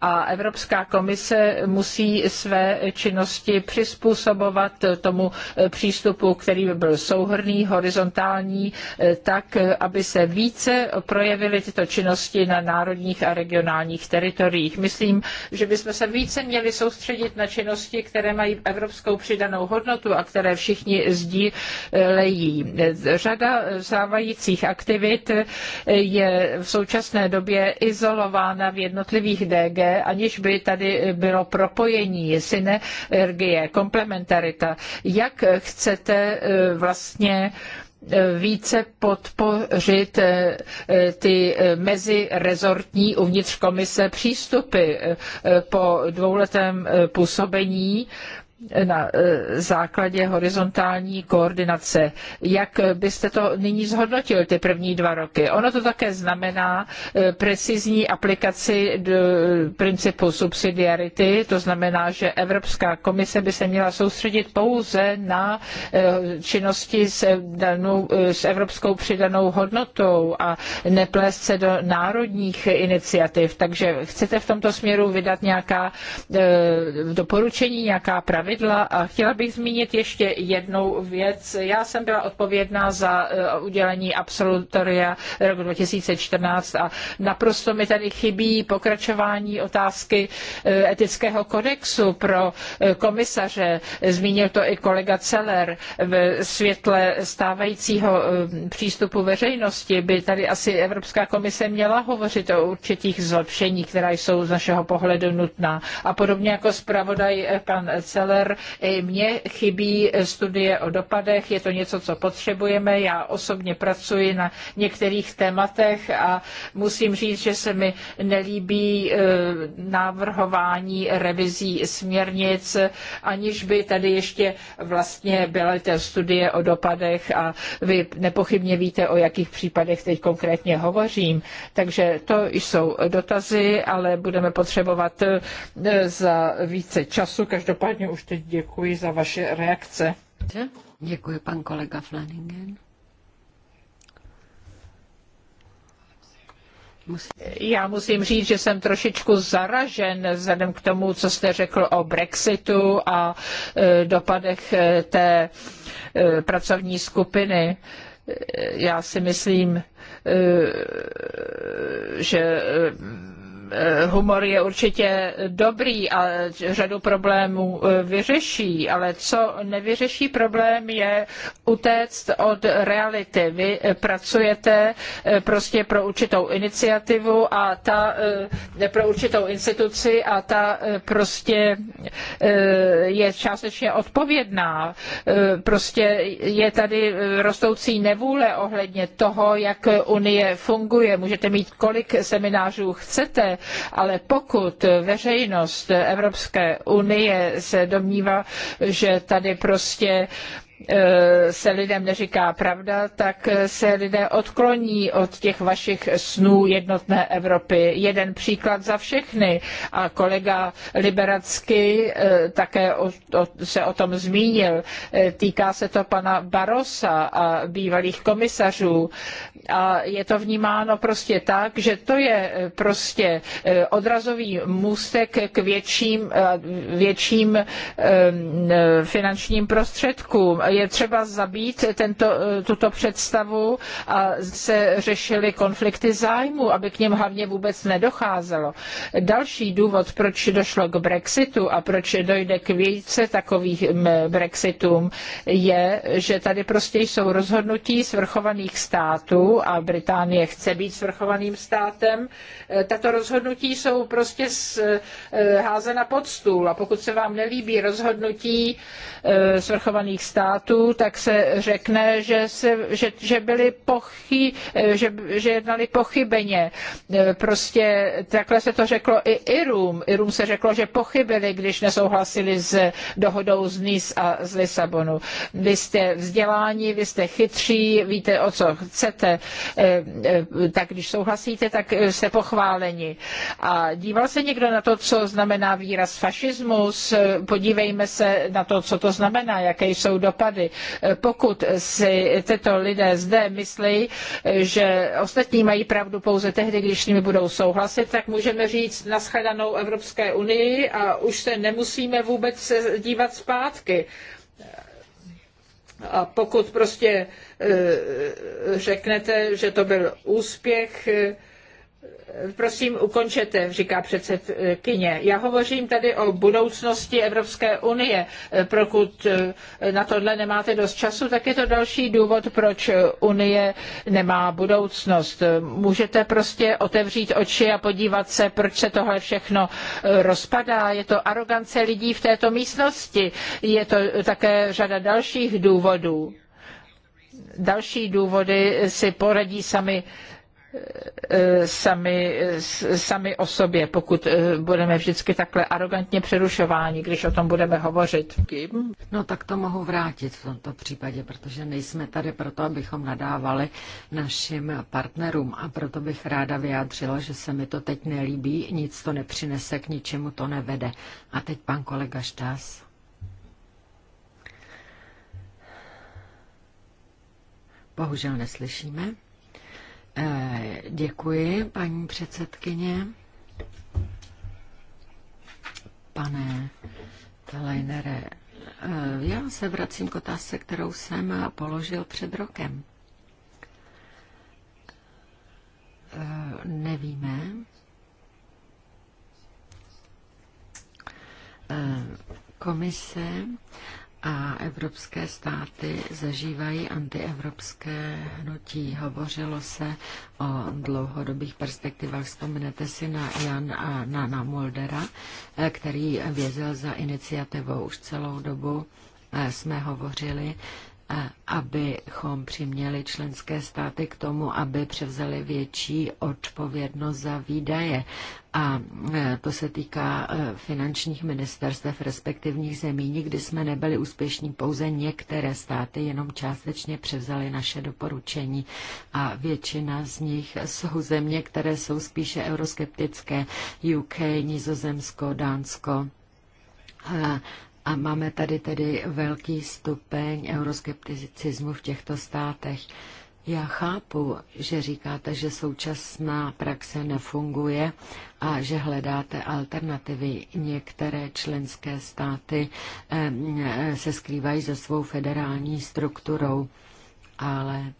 a Evropská komise musí své činnosti přizpůsobovat tomu eh, přístupu, který by byl souhrný, horizontální, eh, tak, eh, aby se více projevily tyto činnosti na národních a regionálních teritoriích. Myslím, že bychom se více měli soustředit na činnosti, které mají evropskou přidanou hodnotu a které všichni sdílejí. Řada stávajících aktivit je v současné době izolována v jednotlivých DG, aniž by tady bylo propojení, synergie, komplementarita jak chcete eh, vlastně eh, více podpořit eh, ty mezirezortní uvnitř komise přístupy po dvouletém působení na e, základě horizontální koordinace. Jak byste to nyní zhodnotil, ty první dva roky? Ono to také znamená e, precizní aplikaci principu subsidiarity, to znamená, že Evropská komise by se měla soustředit pouze na e, činnosti s, danou, s evropskou přidanou hodnotou a neplést se do národních iniciativ. Takže chcete v tomto směru vydat nějaká doporučení, nějaká pravidla? pravidla a chtěla bych zmínit ještě jednou věc. Já jsem byla odpovědná za eh, udělení absolutoria roku 2014 a naprosto mi tady chybí pokračování otázky eh, etického kodexu pro eh, komisaře. Zmínil to i kolega Celer. V světle stávajícího přístupu veřejnosti by tady asi Evropská komise měla hovořit o určitých zlepšení, která jsou z našeho pohledu nutná. A podobně jako zpravodaj pan Celer, Keller. mně chybí studie o dopadech, je to něco, co potřebujeme. Já osobně pracuji na některých tématech a musím říct, že se mi nelíbí eh, návrhování revizí směrnic, aniž by tady ještě vlastně byly ty studie o dopadech a vy nepochybně víte, o jakých případech teď konkrétně hovořím. Takže to jsou dotazy, ale budeme potřebovat eh, za více času. Každopádně už teď děkuji za vaše reakce. Děkuji, pan kolega Flanagan. Já musím říct, že jsem trošičku zaražen vzhledem k tomu, co jste řekl o Brexitu a e, dopadech e, té e, pracovní skupiny. Já si myslím, že Eh, humor je určitě dobrý a řadu problémů eh, vyřeší, ale co nevyřeší problém je utéct od reality. Vy eh, pracujete prostě pro určitou iniciativu a ta pro určitou instituci a ta prostě je částečně odpovědná. Prostě je tady rostoucí nevůle ohledně toho, jak Unie funguje. Můžete mít kolik seminářů chcete, ale pokud veřejnost Evropské unie se domnívá, že tady prostě eh, se lidem neříká pravda, tak se lidé odkloní od těch vašich snů jednotné Evropy. Jeden příklad za všechny. A kolega Liberacky eh, také o, o, se o tom zmínil. Eh, týká se to pana Barosa a bývalých komisařů a je to vnímáno prostě tak, že to je eh, prostě eh, odrazový můstek k větším, eh, větším finančním prostředkům. Je třeba zabít tento, tuto představu a se řešily konflikty zájmu, aby k něm hlavně vůbec nedocházelo. Další důvod, proč došlo k Brexitu a proč dojde k více takových mm, Brexitům, je, že tady prostě jsou rozhodnutí svrchovaných států, a Británie chce být svrchovaným státem. Eh, tato rozhodnutí jsou prostě eh, házena pod stůl a pokud se vám nelíbí rozhodnutí eh, svrchovaných států, tak se řekne, že, se, že, že byli pochy, že, že jednali pochybeně. Prostě takhle se to řeklo i Irům. Irům se řeklo, že pochybili, když nesouhlasili s dohodou z Nice a z Lisabonu. Vy jste vzděláni, vy jste chytří, víte, o co chcete. Eh, eh, tak když souhlasíte, tak eh, jste pochváleni. A díval se někdo na to, co znamená výraz fašismus? Podívejme se na to, co to znamená, jaké jsou dopady. Pokud si tyto lidé zde myslí, že ostatní mají pravdu pouze tehdy, když s nimi budou souhlasit, tak můžeme říct naschledanou Evropské unii a už se nemusíme vůbec dívat zpátky. A pokud prostě eh, řeknete, že to byl úspěch, eh, Prosím, ukončete, říká předsedkyně. Já hovořím tady o budoucnosti Evropské unie. Pokud eh, na tohle nemáte dost času, tak je to další důvod, proč unie nemá budoucnost. Můžete prostě otevřít oči a podívat se, proč se tohle všechno eh, rozpadá. Je to arogance lidí v této místnosti. Je to také řada dalších důvodů. Další důvody si poradí sami Eh, sami, eh, sami o sobě, pokud eh, budeme vždycky takhle arrogantně přerušováni, když o tom budeme hovořit. No tak to mohu vrátit v tomto případě, protože nejsme tady proto, abychom nadávali našim partnerům a proto bych ráda vyjádřila, že se mi to teď nelíbí, nic to nepřinese, k ničemu to nevede. A teď pan kolega Štás. Bohužel neslyšíme. Eh, děkuji, paní předsedkyně. Pane Leinere, eh, já se vracím k otázce, kterou jsem položil před rokem. Eh, nevíme, komise a evropské státy zažívají antievropské hnutí. Hovořilo se o dlouhodobých perspektivách. Vzpomenete si na Jan a na, na Muldera, eh, který vězel za iniciativou už celou dobu. Eh, jsme hovořili abychom přiměli členské státy k tomu, aby převzali větší odpovědnost za výdaje. A e, to se týká e, finančních ministerstev respektivních zemí. Nikdy jsme nebyli úspěšní, pouze některé státy jenom částečně převzaly naše doporučení a většina z nich jsou země, které jsou spíše euroskeptické. UK, Nizozemsko, Dánsko a máme tady tedy velký stupeň euroskepticismu v těchto státech. Já chápu, že říkáte, že současná praxe nefunguje a že hledáte alternativy. Některé členské státy eh, se skrývají za svou federální strukturou, ale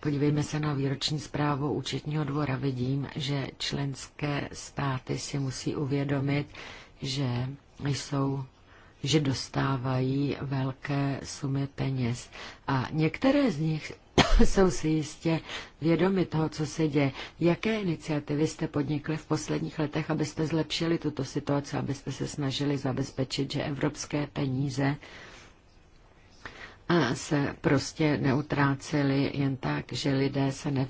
podívejme se na výroční zprávu účetního dvora. Vidím, že členské státy si musí uvědomit, že jsou že dostávají velké sumy peněz. A některé z nich <coughs> jsou si jistě vědomi toho, co se děje. Jaké iniciativy jste podnikli v posledních letech, abyste zlepšili tuto situaci, abyste se snažili zabezpečit, že evropské peníze se prostě neutrácely jen tak, že lidé se ne,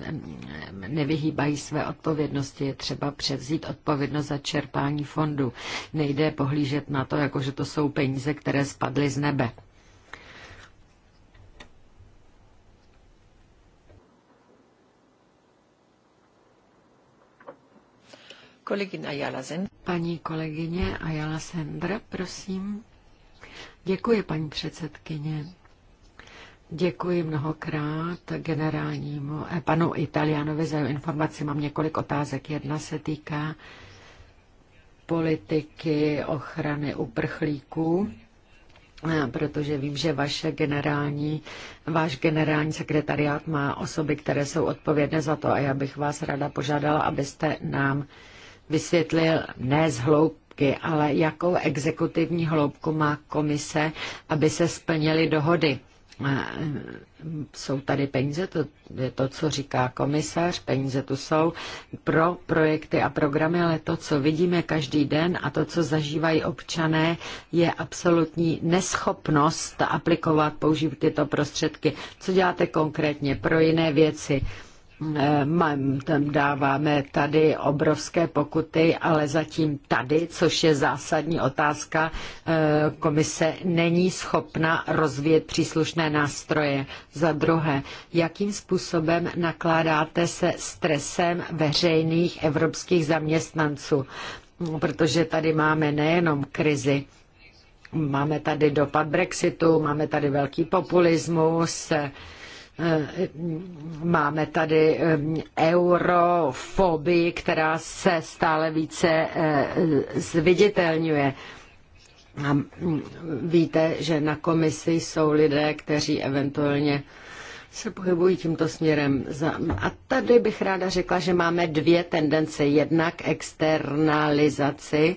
nevyhýbají své odpovědnosti. Je třeba převzít odpovědnost za čerpání fondu. Nejde pohlížet na to, jako že to jsou peníze, které spadly z nebe. Kolegyně Ayala Paní kolegyně Ayala Sendra, prosím. Děkuji, paní předsedkyně. Děkuji mnohokrát generálnímu eh, panu Italianovi za jeho informaci. Mám několik otázek. Jedna se týká politiky ochrany uprchlíků, eh, protože vím, že vaše generální, váš generální sekretariát má osoby, které jsou odpovědné za to a já bych vás rada požádala, abyste nám vysvětlil ne z hloubky, ale jakou exekutivní hloubku má komise, aby se splnily dohody jsou tady peníze, to je to, co říká komisař, peníze tu jsou pro projekty a programy, ale to, co vidíme každý den a to, co zažívají občané, je absolutní neschopnost aplikovat, použít tyto prostředky. Co děláte konkrétně pro jiné věci? dáváme tady obrovské pokuty, ale zatím tady, což je zásadní otázka, eh, komise není schopna rozvíjet příslušné nástroje. Za druhé, jakým způsobem nakládáte se stresem veřejných evropských zaměstnanců? Protože tady máme nejenom krizi, máme tady dopad Brexitu, máme tady velký populismus, Eh, máme tady eh, eurofobii, která se stále více eh, zviditelňuje. A mm, víte, že na komisi jsou lidé, kteří eventuálně se pohybují tímto směrem. A tady bych ráda řekla, že máme dvě tendence. Jednak externalizaci,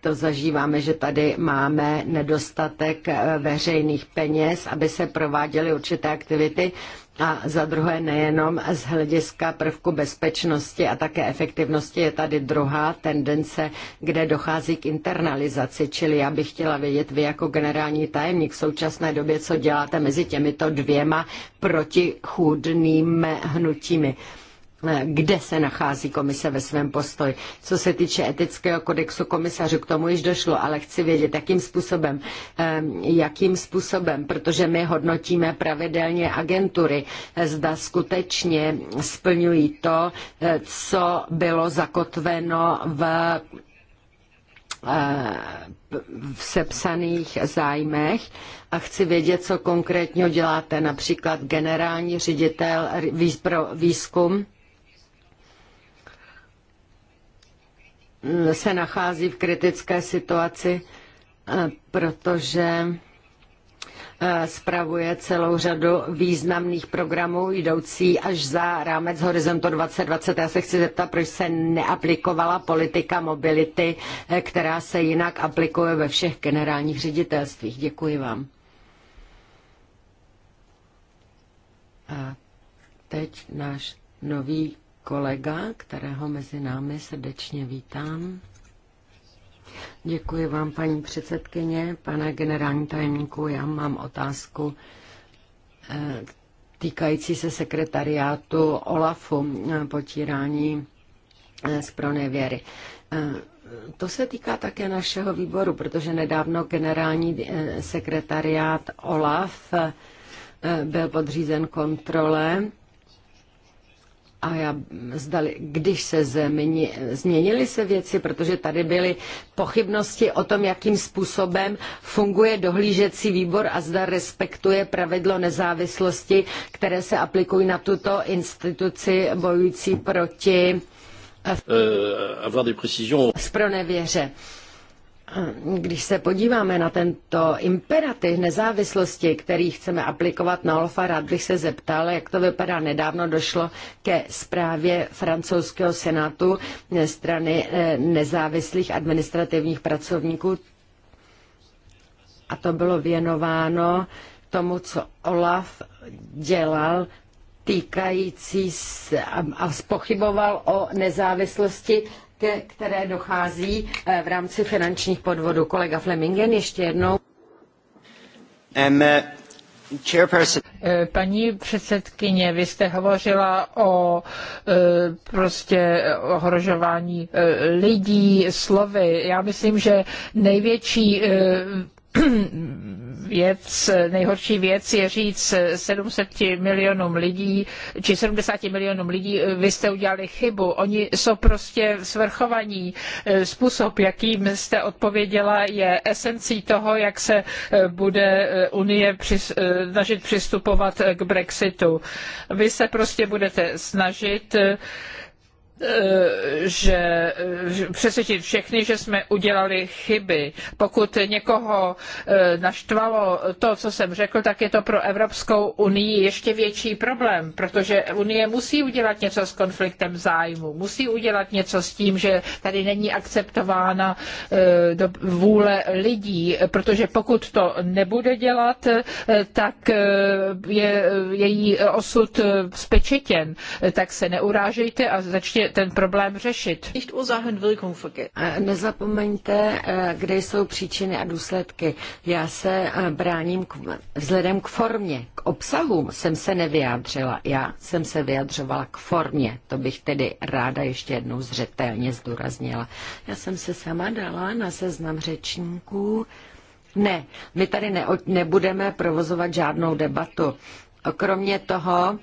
to zažíváme, že tady máme nedostatek eh, veřejných peněz, aby se prováděly určité aktivity a za druhé nejenom z hlediska prvku bezpečnosti a také efektivnosti je tady druhá tendence, kde dochází k internalizaci, čili já bych chtěla vědět vy jako generální tajemník v současné době, co děláte mezi těmito dvěma protichůdnými hnutími kde se nachází komise ve svém postoji. Co se týče etického kodexu komisařů, k tomu již došlo, ale chci vědět, jakým způsobem, ehm, jakým způsobem, protože my hodnotíme pravidelně agentury, eh, zda skutečně splňují to, eh, co bylo zakotveno v eh, v sepsaných zájmech a chci vědět, co konkrétně děláte, například generální ředitel výzkum se nachází v kritické situaci, eh, protože eh, spravuje celou řadu významných programů jdoucí až za rámec Horizontu 2020. Já se chci zeptat, proč se neaplikovala politika mobility, eh, která se jinak aplikuje ve všech generálních ředitelstvích. Děkuji vám. A teď náš nový kolega, kterého mezi námi srdečně vítám. Děkuji vám, paní předsedkyně. Pane generální tajemníku, já mám otázku eh, týkající se sekretariátu OLAFu eh, potírání z eh, pronevěry. To se týká také našeho výboru, protože nedávno generální sekretariát OLAF byl podřízen kontrole a já, zdali, když se země, změnily se věci, protože tady byly pochybnosti o tom, jakým způsobem funguje dohlížecí výbor a zda respektuje pravidlo nezávislosti, které se aplikují na tuto instituci bojující proti uh, avoir des précisions. Spronevěře. Uh, když se podíváme na tento imperativ nezávislosti, který chceme aplikovat na Olfa, rád bych se zeptal, jak to vypadá. Nedávno došlo ke zprávě francouzského senátu strany eh, nezávislých administrativních pracovníků. A to bylo věnováno tomu, co Olaf dělal týkající se a spochyboval o nezávislosti ke které dochází eh, v rámci finančních podvodů. Kolega Flemingen, ještě jednou. Uh, eh, paní předsedkyně, vy jste hovořila o eh, prostě ohrožování lidí, slovy. Já myslím, že největší věc, nejhorší věc je říct 700 eh, milionům lidí, či 70 milionům lidí, eh, vy jste udělali chybu. Oni jsou prostě svrchovaní. Eh, způsob, jakým jste odpověděla, je esencí toho, jak se bude Unie snažit přistupovat k Brexitu. Vy se prostě budete snažit že přesvědčit všechny, že jsme udělali chyby. Pokud někoho eh, naštvalo to, co jsem řekl, tak je to pro Evropskou unii ještě větší problém, protože Unie musí udělat něco s konfliktem zájmu, musí udělat něco s tím, že tady není akceptována eh, vůle lidí, protože pokud to nebude dělat, eh, tak je její osud spečetěn. Tak se neurážejte a začněte ten problém řešit. Nezapomeňte, eh, kde jsou příčiny a důsledky. Já se eh, bráním k, vzhledem k formě. K obsahům jsem se nevyjádřila. Já jsem se vyjadřovala k formě. To bych tedy ráda ještě jednou zřetelně zdůraznila. Já jsem se sama dala na seznam řečníků. Ne, my tady ne, nebudeme provozovat žádnou debatu. Kromě toho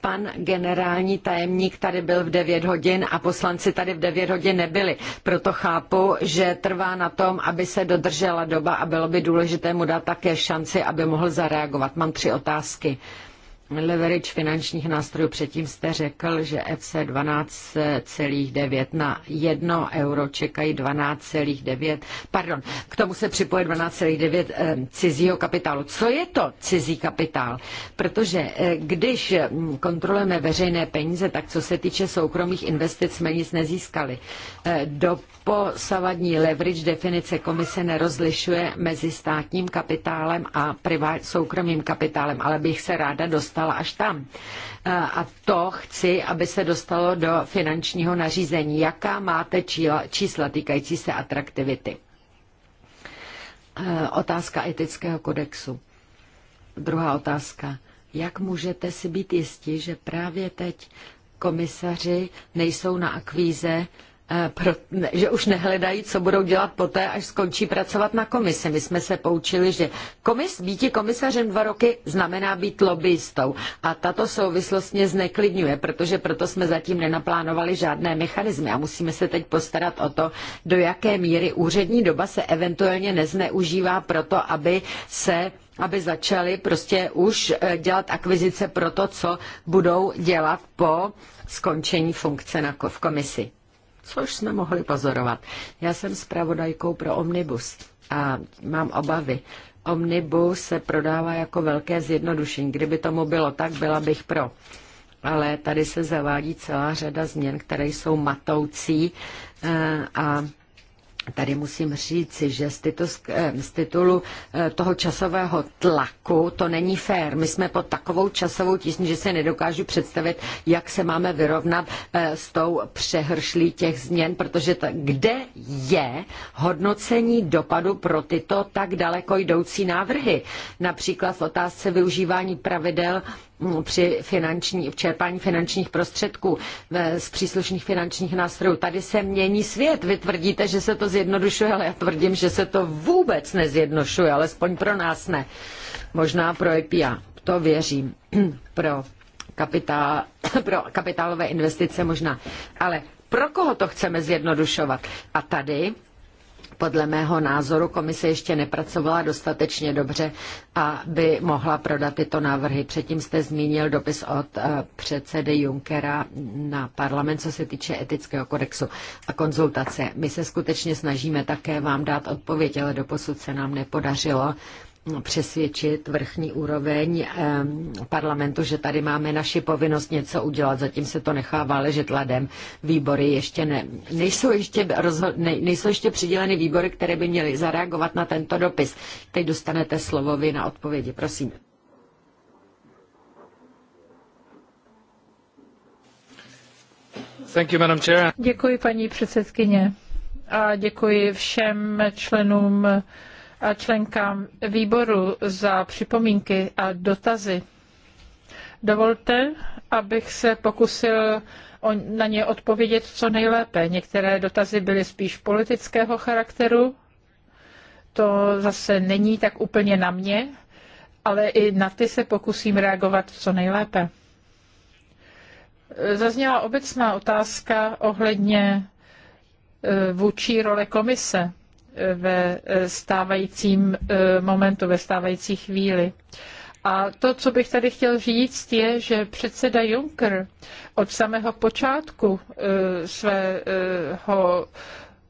Pan generální tajemník tady byl v 9 hodin a poslanci tady v 9 hodin nebyli. Proto chápu, že trvá na tom, aby se dodržela doba a bylo by důležité mu dát také šanci, aby mohl zareagovat. Mám tři otázky leverage finančních nástrojů. Předtím jste řekl, že FC 12,9 na 1 euro čekají 12,9, pardon, k tomu se připoje 12,9 eh, cizího kapitálu. Co je to cizí kapitál? Protože eh, když hm, kontrolujeme veřejné peníze, tak co se týče soukromých investic, jsme nic nezískali. Eh, Doposavadní leverage definice komise nerozlišuje mezi státním kapitálem a privát, soukromým kapitálem, ale bych se ráda dostala dostala až tam. A to chci, aby se dostalo do finančního nařízení. Jaká máte čísla, čísla týkající se atraktivity? E, otázka etického kodexu. Druhá otázka. Jak můžete si být jistí, že právě teď komisaři nejsou na akvíze, Eh, pro, že už nehledají, co budou dělat poté, až skončí pracovat na komisi. My jsme se poučili, že komis, býti komisařem dva roky znamená být lobbyistou. A tato souvislost mě zneklidňuje, protože proto jsme zatím nenaplánovali žádné mechanizmy a musíme se teď postarat o to, do jaké míry úřední doba se eventuálně nezneužívá proto, aby se aby začali prostě už eh, dělat akvizice pro to, co budou dělat po skončení funkce na, v komisi což jsme mohli pozorovat. Já jsem zpravodajkou pro Omnibus a mám obavy. Omnibus se prodává jako velké zjednodušení. Kdyby tomu bylo tak, byla bych pro. Ale tady se zavádí celá řada změn, které jsou matoucí eh, a Tady musím říci, že z, tyto, z eh, titulu eh, toho časového tlaku to není fér. My jsme pod takovou časovou tísní, že se nedokážu představit, jak se máme vyrovnat eh, s tou přehršlí těch změn, protože ta, kde je hodnocení dopadu pro tyto tak daleko jdoucí návrhy? Například v otázce využívání pravidel při finanční, v čerpání finančních prostředků z příslušných finančních nástrojů. Tady se mění svět. Vy tvrdíte, že se to zjednodušuje, ale já tvrdím, že se to vůbec nezjednodušuje, alespoň pro nás ne. Možná pro EPIA, to věřím, <clears throat> pro, kapitál, <clears throat> pro kapitálové investice možná. Ale pro koho to chceme zjednodušovat? A tady podle mého názoru komise ještě nepracovala dostatečně dobře, aby mohla prodat tyto návrhy. Předtím jste zmínil dopis od eh, předsedy Junckera na parlament, co se týče etického kodexu a konzultace. My se skutečně snažíme také vám dát odpověď, ale doposud se nám nepodařilo přesvědčit vrchní úroveň parlamentu, že tady máme naši povinnost něco udělat. Zatím se to nechává ležet ladem. Výbory ještě ne, nejsou ještě, rozho, ne, nejsou ještě přiděleny výbory, které by měly zareagovat na tento dopis. Teď dostanete slovo vy na odpovědi, prosím. Thank you, Madam Chair. Děkuji, paní předsedkyně. A děkuji všem členům a členkám výboru za připomínky a dotazy. Dovolte, abych se pokusil na ně odpovědět co nejlépe. Některé dotazy byly spíš politického charakteru, to zase není tak úplně na mě, ale i na ty se pokusím reagovat co nejlépe. Zazněla obecná otázka ohledně e, vůči role komise ve stávajícím eh, momentu, ve stávající chvíli. A to, co bych tady chtěl říct, je, že předseda Juncker od samého počátku eh, svého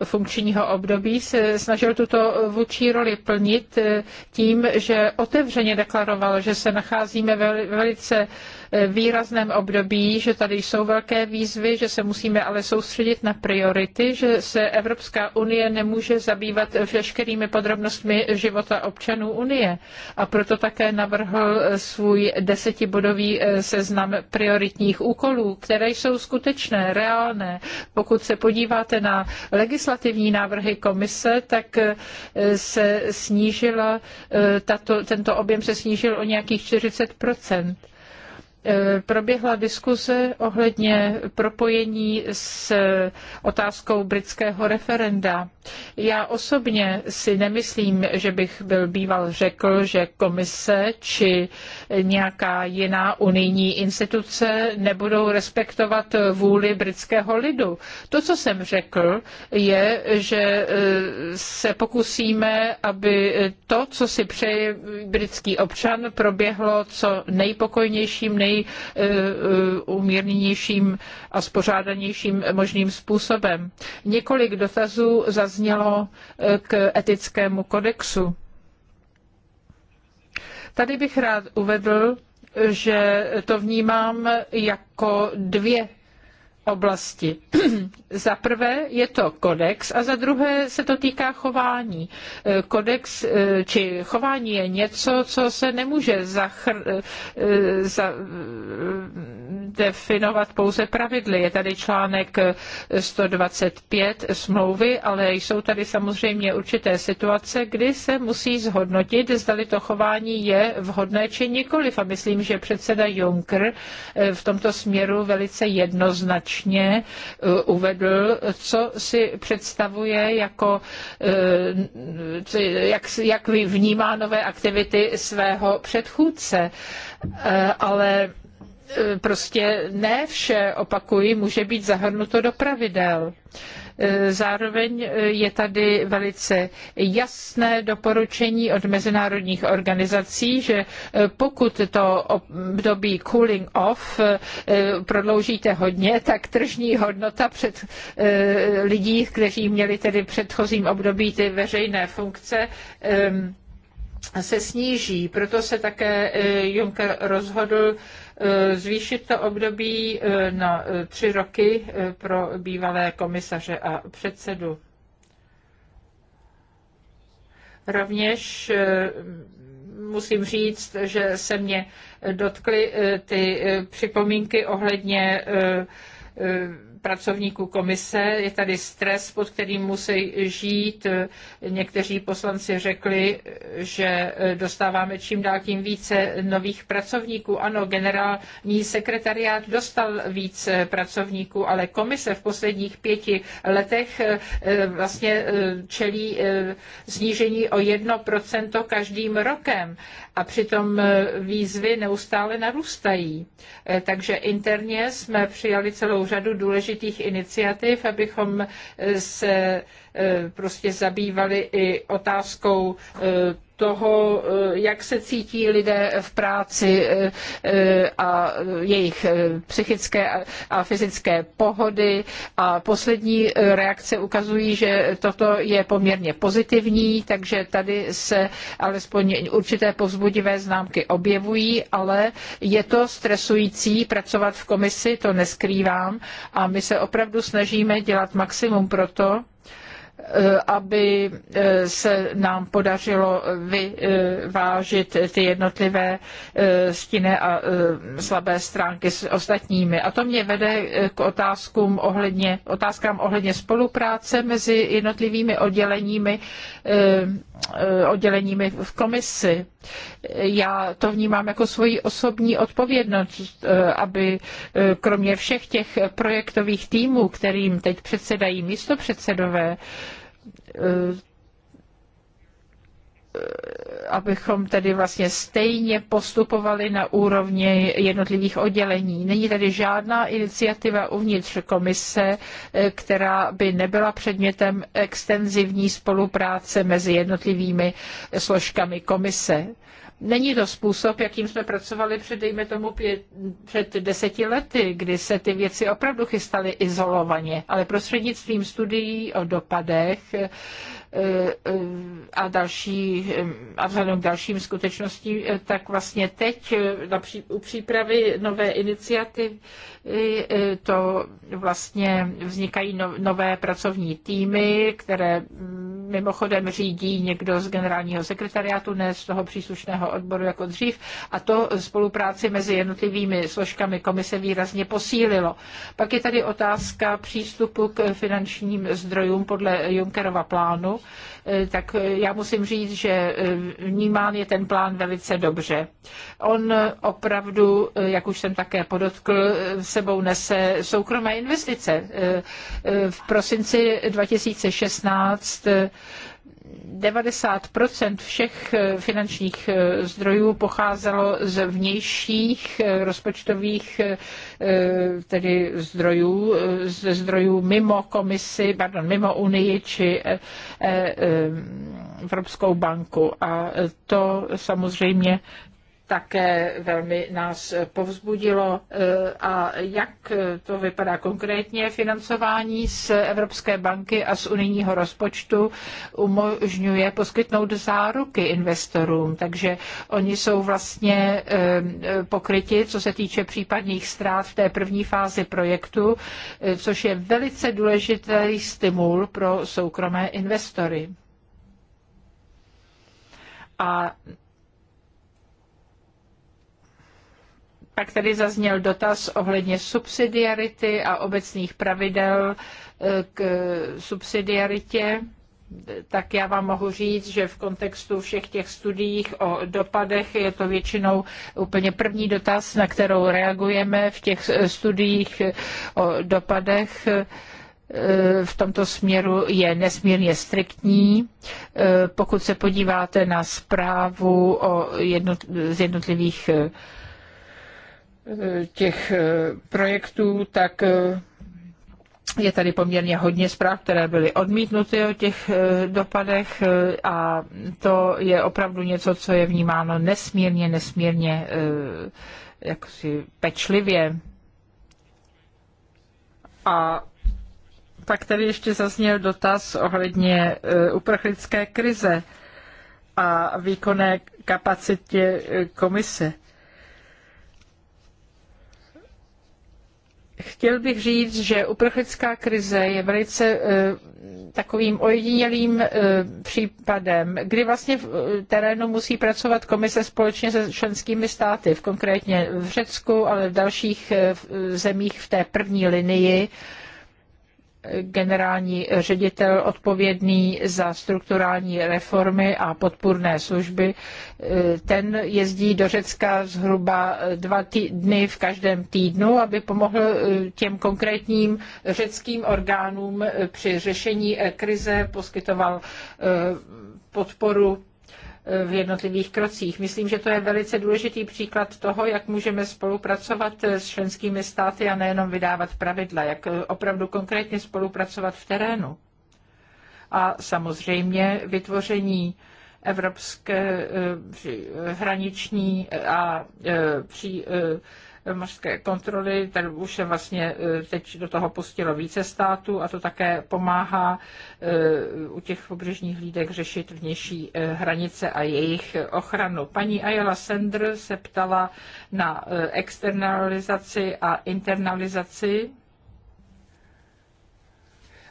funkčního období se snažil tuto vůči roli plnit eh, tím, že otevřeně deklaroval, že se nacházíme ve velice Eh, výrazném období, že tady jsou velké výzvy, že se musíme ale soustředit na priority, že se Evropská unie nemůže zabývat veškerými podrobnostmi života občanů unie. A proto také navrhl svůj desetibodový eh, seznam prioritních úkolů, které jsou skutečné, reálné. Pokud se podíváte na legislativní návrhy komise, tak eh, se snížila, tato, tento objem se snížil o nějakých 40 Eh, proběhla diskuze ohledně propojení s otázkou britského referenda. Já osobně si nemyslím, že bych byl býval řekl, že komise či nějaká jiná unijní instituce nebudou respektovat vůli britského lidu. To, co jsem řekl, je, že eh, se pokusíme, aby to, co si přeje britský občan, proběhlo co nejpokojnějším, nej nejumírněnějším a spořádanějším možným způsobem. Několik dotazů zaznělo eh, k etickému kodexu. Tady bych rád uvedl, že to vnímám jako dvě oblasti. <clears throat> za prvé je to kodex a za druhé se to týká chování. E, kodex e, či chování je něco, co se nemůže zachr- e, za- definovat pouze pravidly. Je tady článek 125 smlouvy, ale jsou tady samozřejmě určité situace, kdy se musí zhodnotit, zdali to chování je vhodné či nikoliv. A myslím, že předseda Juncker v tomto směru velice jednoznačně stručně eh, uvedl, co si představuje jako, eh, jak, jak vnímá nové aktivity svého předchůdce. Eh, ale prostě ne vše, opakuji, může být zahrnuto do pravidel. Eh, zároveň eh, je tady velice jasné doporučení od mezinárodních organizací, že eh, pokud to období cooling off prodloužíte hodně, tak tržní hodnota před lidí, kteří měli tedy předchozím období ty veřejné funkce, se sníží. Proto se také Juncker rozhodl Eh, zvýšit to období eh, na eh, tři roky pro bývalé komisaře a předsedu. Rovněž musím říct, že se mě dotkly ty připomínky ohledně pracovníků komise. Je tady stres, pod kterým musí žít. Někteří poslanci řekli, že dostáváme čím dál tím více nových pracovníků. Ano, generální sekretariát dostal více pracovníků, ale komise v posledních pěti letech eh, vlastně eh, čelí eh, snížení o jedno procento každým rokem a přitom výzvy neustále narůstají. Takže interně jsme přijali celou řadu důležitých důležitých iniciativ, abychom se eh, prostě zabývali i otázkou eh, toho, eh, jak se cítí lidé v práci eh, eh, a jejich psychické a fyzické pohody. A poslední reakce ukazují, že toto je poměrně pozitivní, takže tady se alespoň určité povzbudivé známky objevují, ale je to stresující pracovat v komisi, to neskrývám. A my se opravdu snažíme dělat maximum pro to, Eh, aby eh, se nám podařilo vyvážit ty jednotlivé eh, stinné a slabé stránky s ostatními. A to mě vede k otázkům ohledně, otázkám ohledně spolupráce mezi jednotlivými odděleními, odděleními v komisi. Já to vnímám jako svoji osobní odpovědnost, eh, aby eh, kromě všech těch projektových týmů, kterým teď předsedají místopředsedové, eh, abychom tedy vlastně stejně postupovali na úrovni jednotlivých oddělení. Není tedy žádná iniciativa uvnitř komise, eh, která by nebyla předmětem extenzivní spolupráce mezi jednotlivými složkami komise. Není to způsob, jakým jsme pracovali před, dejme tomu, pět, před deseti lety, kdy se ty věci opravdu chystaly izolovaně, ale prostřednictvím studií o dopadech E, e, a další, e, a vzhledem k dalším skutečnostím, tak vlastně teď u přípravy nové iniciativy to vlastně vznikají no, nové pracovní týmy, které mimochodem řídí někdo z generálního sekretariátu, ne z toho příslušného odboru jako dřív, a to spolupráci mezi jednotlivými složkami komise výrazně posílilo. Pak je tady otázka přístupu k finančním zdrojům podle Junckerova plánu, Eh, tak eh, já musím říct, že eh, vnímán je ten plán velice dobře. On opravdu, jak už jsem také podotkl, sebou nese soukromé investice. V prosinci 2016 90 všech eh, finančních eh, zdrojů pocházelo z vnějších eh, rozpočtových tedy zdrojů, ze zdrojů mimo komisi, pardon, mimo Unii či Evropskou banku. A to samozřejmě také velmi nás povzbudilo. Eh, a jak to vypadá konkrétně? Financování z Evropské banky a z unijního rozpočtu umožňuje poskytnout záruky investorům, takže oni jsou vlastně eh, pokryti, co se týče případných ztrát v té první fázi projektu, eh, což je velice důležitý stimul pro soukromé investory. A Pak tady zazněl dotaz ohledně subsidiarity a obecných pravidel e, k subsidiaritě tak já vám mohu říct, že v kontextu všech těch studií o dopadech je to většinou úplně první dotaz, na kterou reagujeme v těch e, studiích o dopadech e, v tomto směru je nesmírně striktní. Pokud se podíváte na zprávu o jednot, z jednotlivých Eh, těch eh, projektů, tak eh, je tady poměrně hodně zpráv, které byly odmítnuty o těch dopadech a to je opravdu něco, co je vnímáno nesmírně, nesmírně jaksi pečlivě. A pak tady ještě zazněl dotaz ohledně uprchlické krize a výkonné kapacitě komise. chtěl bych říct, že uprchlická krize je velice eh, takovým ojedinělým eh, případem, kdy vlastně v eh, terénu musí pracovat komise společně se členskými státy, v konkrétně v Řecku, ale v dalších zemích v té první linii generální ředitel odpovědný za strukturální reformy a podpůrné služby. Eh, ten jezdí do Řecka zhruba dva dny v každém týdnu, aby pomohl eh, těm konkrétním řeckým orgánům eh, při řešení krize, poskytoval podporu v jednotlivých krocích. Myslím, že to je velice důležitý příklad toho, jak můžeme spolupracovat s členskými státy a nejenom vydávat pravidla, jak opravdu konkrétně spolupracovat v terénu. A samozřejmě vytvoření evropské eh, eh, hraniční eh, a při, mořské kontroly. tak už se vlastně e, teď do toho pustilo více států a to také pomáhá e, u těch pobřežních lídek řešit vnější e, hranice a jejich ochranu. Paní Ayala Sender se ptala na externalizaci a internalizaci.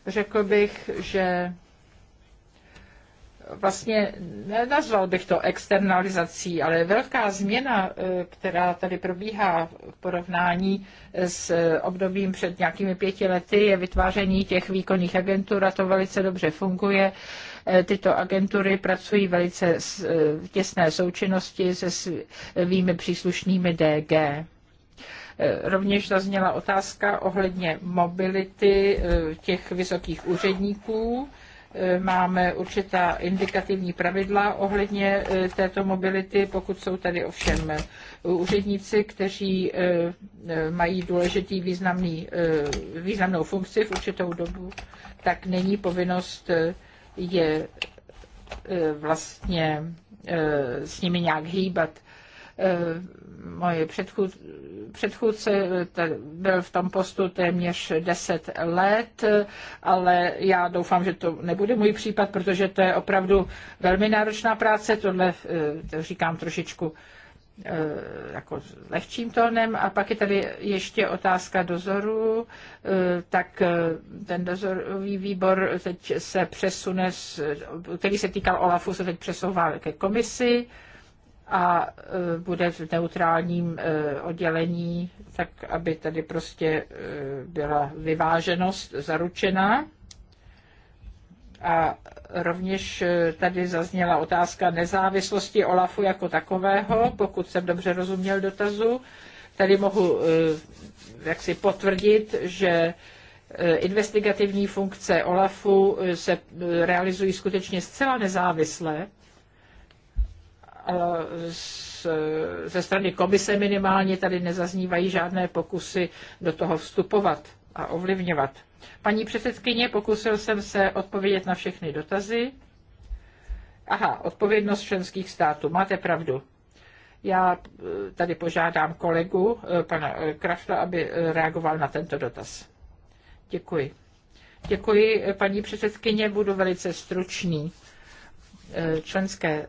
Řekl bych, že vlastně nenazval bych to externalizací, ale velká změna, eh, která tady probíhá v porovnání s eh, obdobím před nějakými pěti lety, je vytváření těch výkonných agentur a to velice dobře funguje. Eh, tyto agentury pracují velice v těsné součinnosti se svými příslušnými DG. Rovněž zazněla otázka ohledně mobility těch vysokých úředníků Eh, máme určitá indikativní pravidla ohledně eh, této mobility, pokud jsou tady ovšem eh, úředníci, kteří mají důležitý významný, významnou funkci v určitou dobu, tak není povinnost je vlastně s nimi nějak hýbat. Eh, moje předchůd, předchůdce eh, byl v tom postu téměř 10 let, ale já doufám, že to nebude můj případ, protože to je opravdu velmi náročná práce. Tohle eh, to říkám trošičku jako lehčím tónem. A pak je tady ještě otázka dozoru. Tak ten dozorový výbor teď se přesune, který se týkal OLAFu, se teď přesouvá ke komisi a e, bude v neutrálním e, oddělení, tak aby tady prostě e, byla vyváženost zaručená. A rovněž tady zazněla otázka nezávislosti OLAFu jako takového, pokud jsem dobře rozuměl dotazu. Tady mohu jaksi potvrdit, že investigativní funkce OLAFu se realizují skutečně zcela nezávisle Eh, ze strany komise minimálně tady nezaznívají žádné pokusy do toho vstupovat a ovlivňovat. Paní předsedkyně, pokusil jsem se odpovědět na všechny dotazy. Aha, odpovědnost členských států. Máte pravdu. Já eh, tady požádám kolegu, eh, pana Krafta, aby reagoval na tento dotaz. Děkuji. Děkuji, paní předsedkyně, budu velice stručný členské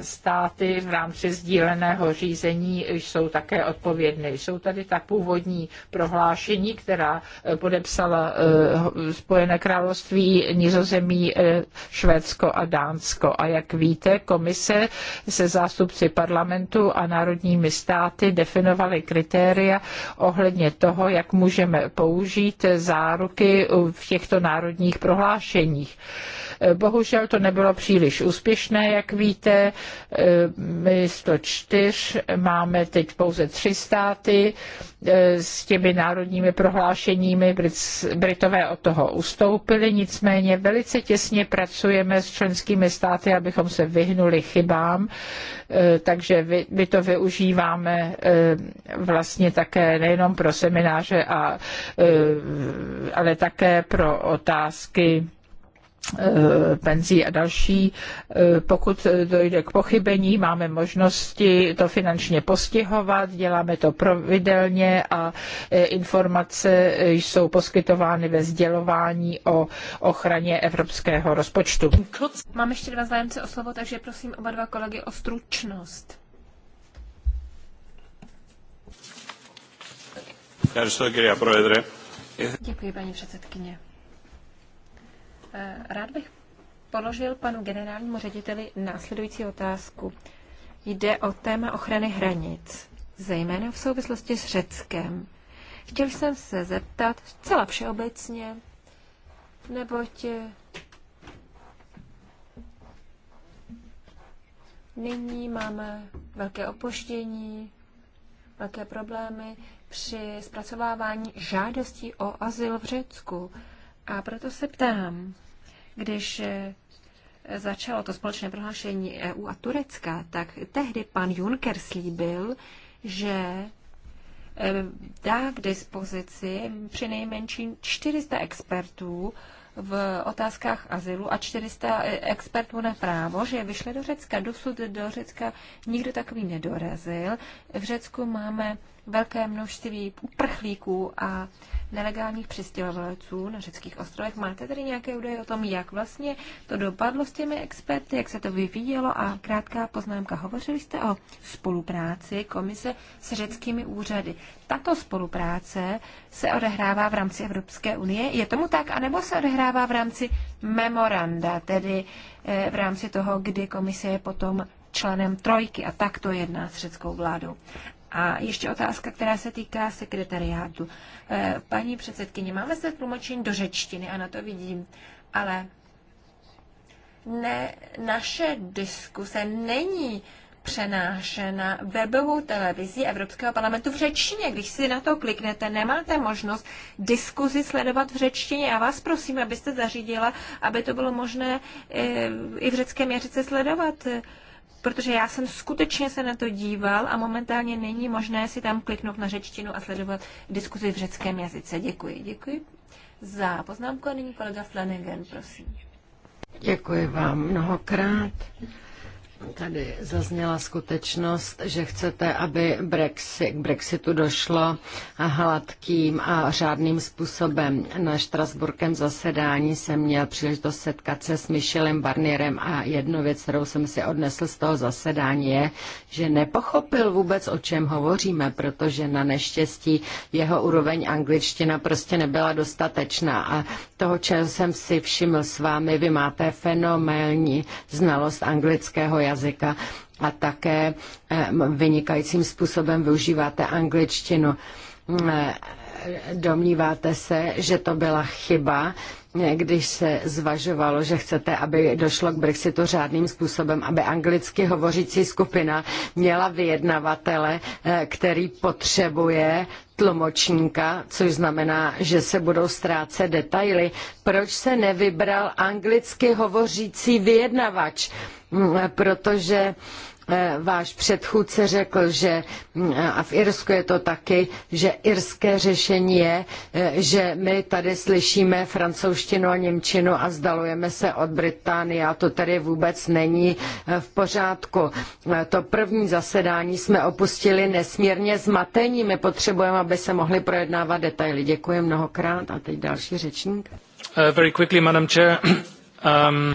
státy v rámci sdíleného řízení jsou také odpovědné. Jsou tady ta původní prohlášení, která podepsala eh, Spojené království, Nizozemí, eh, Švédsko a Dánsko. A jak víte, komise se zástupci parlamentu a národními státy definovaly kritéria ohledně toho, jak můžeme použít záruky v těchto národních prohlášeních. Bohužel to nebylo příliš úspěšné, jak víte. My 104 máme teď pouze tři státy eh, s těmi národními prohlášeními. Britové od toho ustoupili, nicméně velice těsně pracujeme s členskými státy, abychom se vyhnuli chybám, eh, takže my to využíváme eh, vlastně také nejenom pro semináře, a, ale také pro otázky Eh, penzí a další. Eh, pokud dojde k pochybení, máme možnosti to finančně postihovat, děláme to providelně a eh, informace jsou poskytovány ve sdělování o ochraně evropského rozpočtu. Mám ještě dva zájemce o slovo, takže prosím oba dva kolegy o stručnost. Děkuji, paní předsedkyně. Eh, rád bych položil panu generálnímu řediteli následující otázku. Jde o téma ochrany hranic, zejména v souvislosti s Řeckem. Chtěl jsem se zeptat zcela všeobecně, neboť eh, nyní máme velké opoštění, velké problémy při zpracovávání žádostí o azyl v Řecku. A proto se ptám, když eh, začalo to společné prohlášení EU a Turecka, tak tehdy pan Juncker slíbil, že eh, dá k dispozici při nejmenším 400 expertů v otázkách azylu a 400 eh, expertů na právo, že vyšle do Řecka. Dosud do Řecka nikdo takový nedorazil. V Řecku máme velké množství uprchlíků a nelegálních přistěhovalců na řeckých ostrovech. Máte tedy nějaké údaje o tom, jak vlastně to dopadlo s těmi experty, jak se to vyvíjelo? A krátká poznámka, hovořili jste o spolupráci komise s řeckými úřady. Tato spolupráce se odehrává v rámci Evropské unie. Je tomu tak, anebo se odehrává v rámci memoranda, tedy eh, v rámci toho, kdy komise je potom členem trojky a takto jedná s řeckou vládou. A ještě otázka, která se týká sekretariátu. Eh, paní předsedkyně, máme se tlumočení do řečtiny, ano, to vidím, ale ne, naše diskuse není přenášena webovou televizí Evropského parlamentu v řečtině. Když si na to kliknete, nemáte možnost diskuzi sledovat v řečtině. Já vás prosím, abyste zařídila, aby to bylo možné eh, i v řeckém jazyce sledovat protože já jsem skutečně se na to díval a momentálně není možné si tam kliknout na řečtinu a sledovat diskuzi v řeckém jazyce. Děkuji. Děkuji za poznámku a nyní kolega Flanagan, prosím. Děkuji vám mnohokrát. Tady zazněla skutečnost, že chcete, aby Brexit, k Brexitu došlo hladkým a řádným způsobem. Na Štrasburkem zasedání jsem měl příležitost setkat se s Michelem Barnierem a jednu věc, kterou jsem si odnesl z toho zasedání, je, že nepochopil vůbec, o čem hovoříme, protože na neštěstí jeho úroveň angličtina prostě nebyla dostatečná. A toho, čeho jsem si všiml s vámi, vy máte fenoménní znalost anglického jazyka a také eh, vynikajícím způsobem využíváte angličtinu eh, domníváte se, že to byla chyba, když se zvažovalo, že chcete, aby došlo k Brexitu řádným způsobem, aby anglicky hovořící skupina měla vyjednavatele, eh, který potřebuje tlumočníka, což znamená, že se budou ztrácet detaily. Proč se nevybral anglicky hovořící vyjednavač? Mm, protože Eh, váš předchůdce řekl, že mm, a v Irsku je to taky, že irské řešení je, eh, že my tady slyšíme francouzštinu a němčinu a vzdalujeme se od Británie a to tady vůbec není eh, v pořádku. To první zasedání jsme opustili nesmírně zmatení. My potřebujeme, aby se mohly projednávat detaily. Děkuji mnohokrát a teď další řečník. Uh, very quickly, Madam Chair. <clears throat> Um...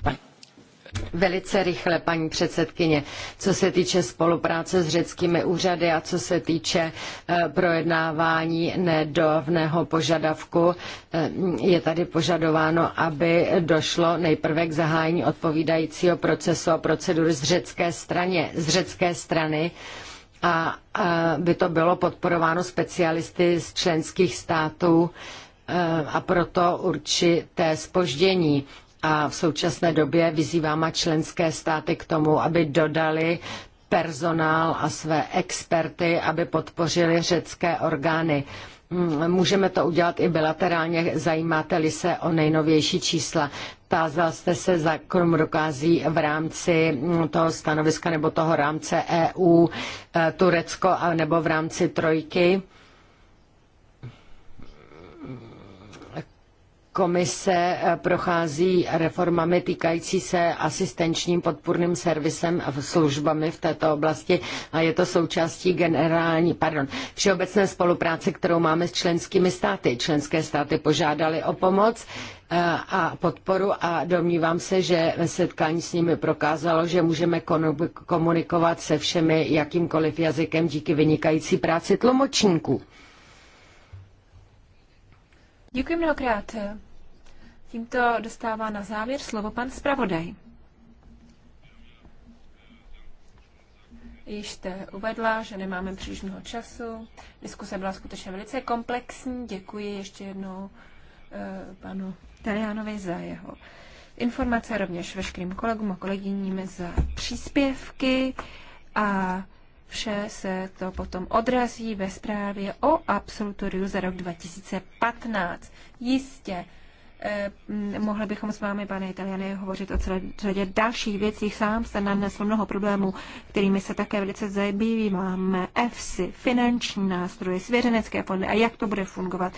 Velice rychle, paní předsedkyně, co se týče spolupráce s řeckými úřady a co se týče eh, projednávání nedovného požadavku, eh, je tady požadováno, aby došlo nejprve k zahájení odpovídajícího procesu a procedury z řecké, straně, z řecké strany a eh, by to bylo podporováno specialisty z členských států a proto určité spoždění a v současné době vyzýváme členské státy k tomu, aby dodali personál a své experty, aby podpořili řecké orgány. Můžeme to udělat i bilaterálně, zajímáte-li se o nejnovější čísla. Tázal jste se, za krom dokází v rámci toho stanoviska nebo toho rámce EU, eh, Turecko nebo v rámci trojky. Komise eh, prochází reformami týkající se asistenčním podpůrným servisem a službami v této oblasti a je to součástí generální, pardon, všeobecné spolupráce, kterou máme s členskými státy. Členské státy požádali o pomoc eh, a podporu a domnívám se, že setkání s nimi prokázalo, že můžeme komunikovat se všemi jakýmkoliv jazykem díky vynikající práci tlumočníků. Děkuji mnohokrát. Tímto dostává na závěr slovo pan zpravodaj. Již jste uvedla, že nemáme příliš mnoho času. Diskuse byla skutečně velice komplexní. Děkuji ještě jednou eh, panu Talianovi za jeho informace, rovněž veškerým kolegům a kolegyním za příspěvky a Vše se to potom odrazí ve zprávě o absolutoriu za rok 2015. Jistě, eh, mohli bychom s vámi, pane Italiany, hovořit o celé řadě dalších věcí. Sám nám nesl mnoho problémů, kterými se také velice máme. EFSI, finanční nástroje, svěřenecké fondy a jak to bude fungovat.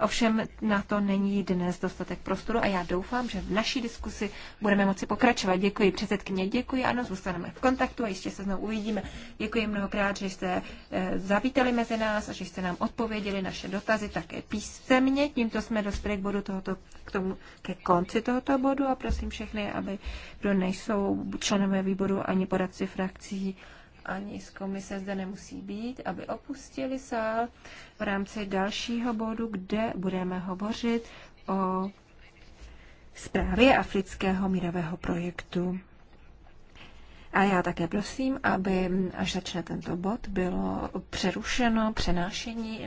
Ovšem na to není dnes dostatek prostoru a já doufám, že v naší diskusi budeme moci pokračovat. Děkuji předsedkyně, děkuji, ano, zůstaneme v kontaktu a ještě se znovu uvidíme. Děkuji mnohokrát, že jste eh, zavítali mezi nás a že jste nám odpověděli naše dotazy také písemně. Tímto jsme dospěli k bodu tohoto, k tomu, ke konci tohoto bodu a prosím všechny, aby, kdo nejsou členové výboru ani poradci frakcí, ani z komise zde nemusí být, aby opustili sál v rámci dalšího bodu, kde budeme hovořit o zprávě afrického mírového projektu. A já také prosím, aby až začne tento bod, bylo přerušeno přenášení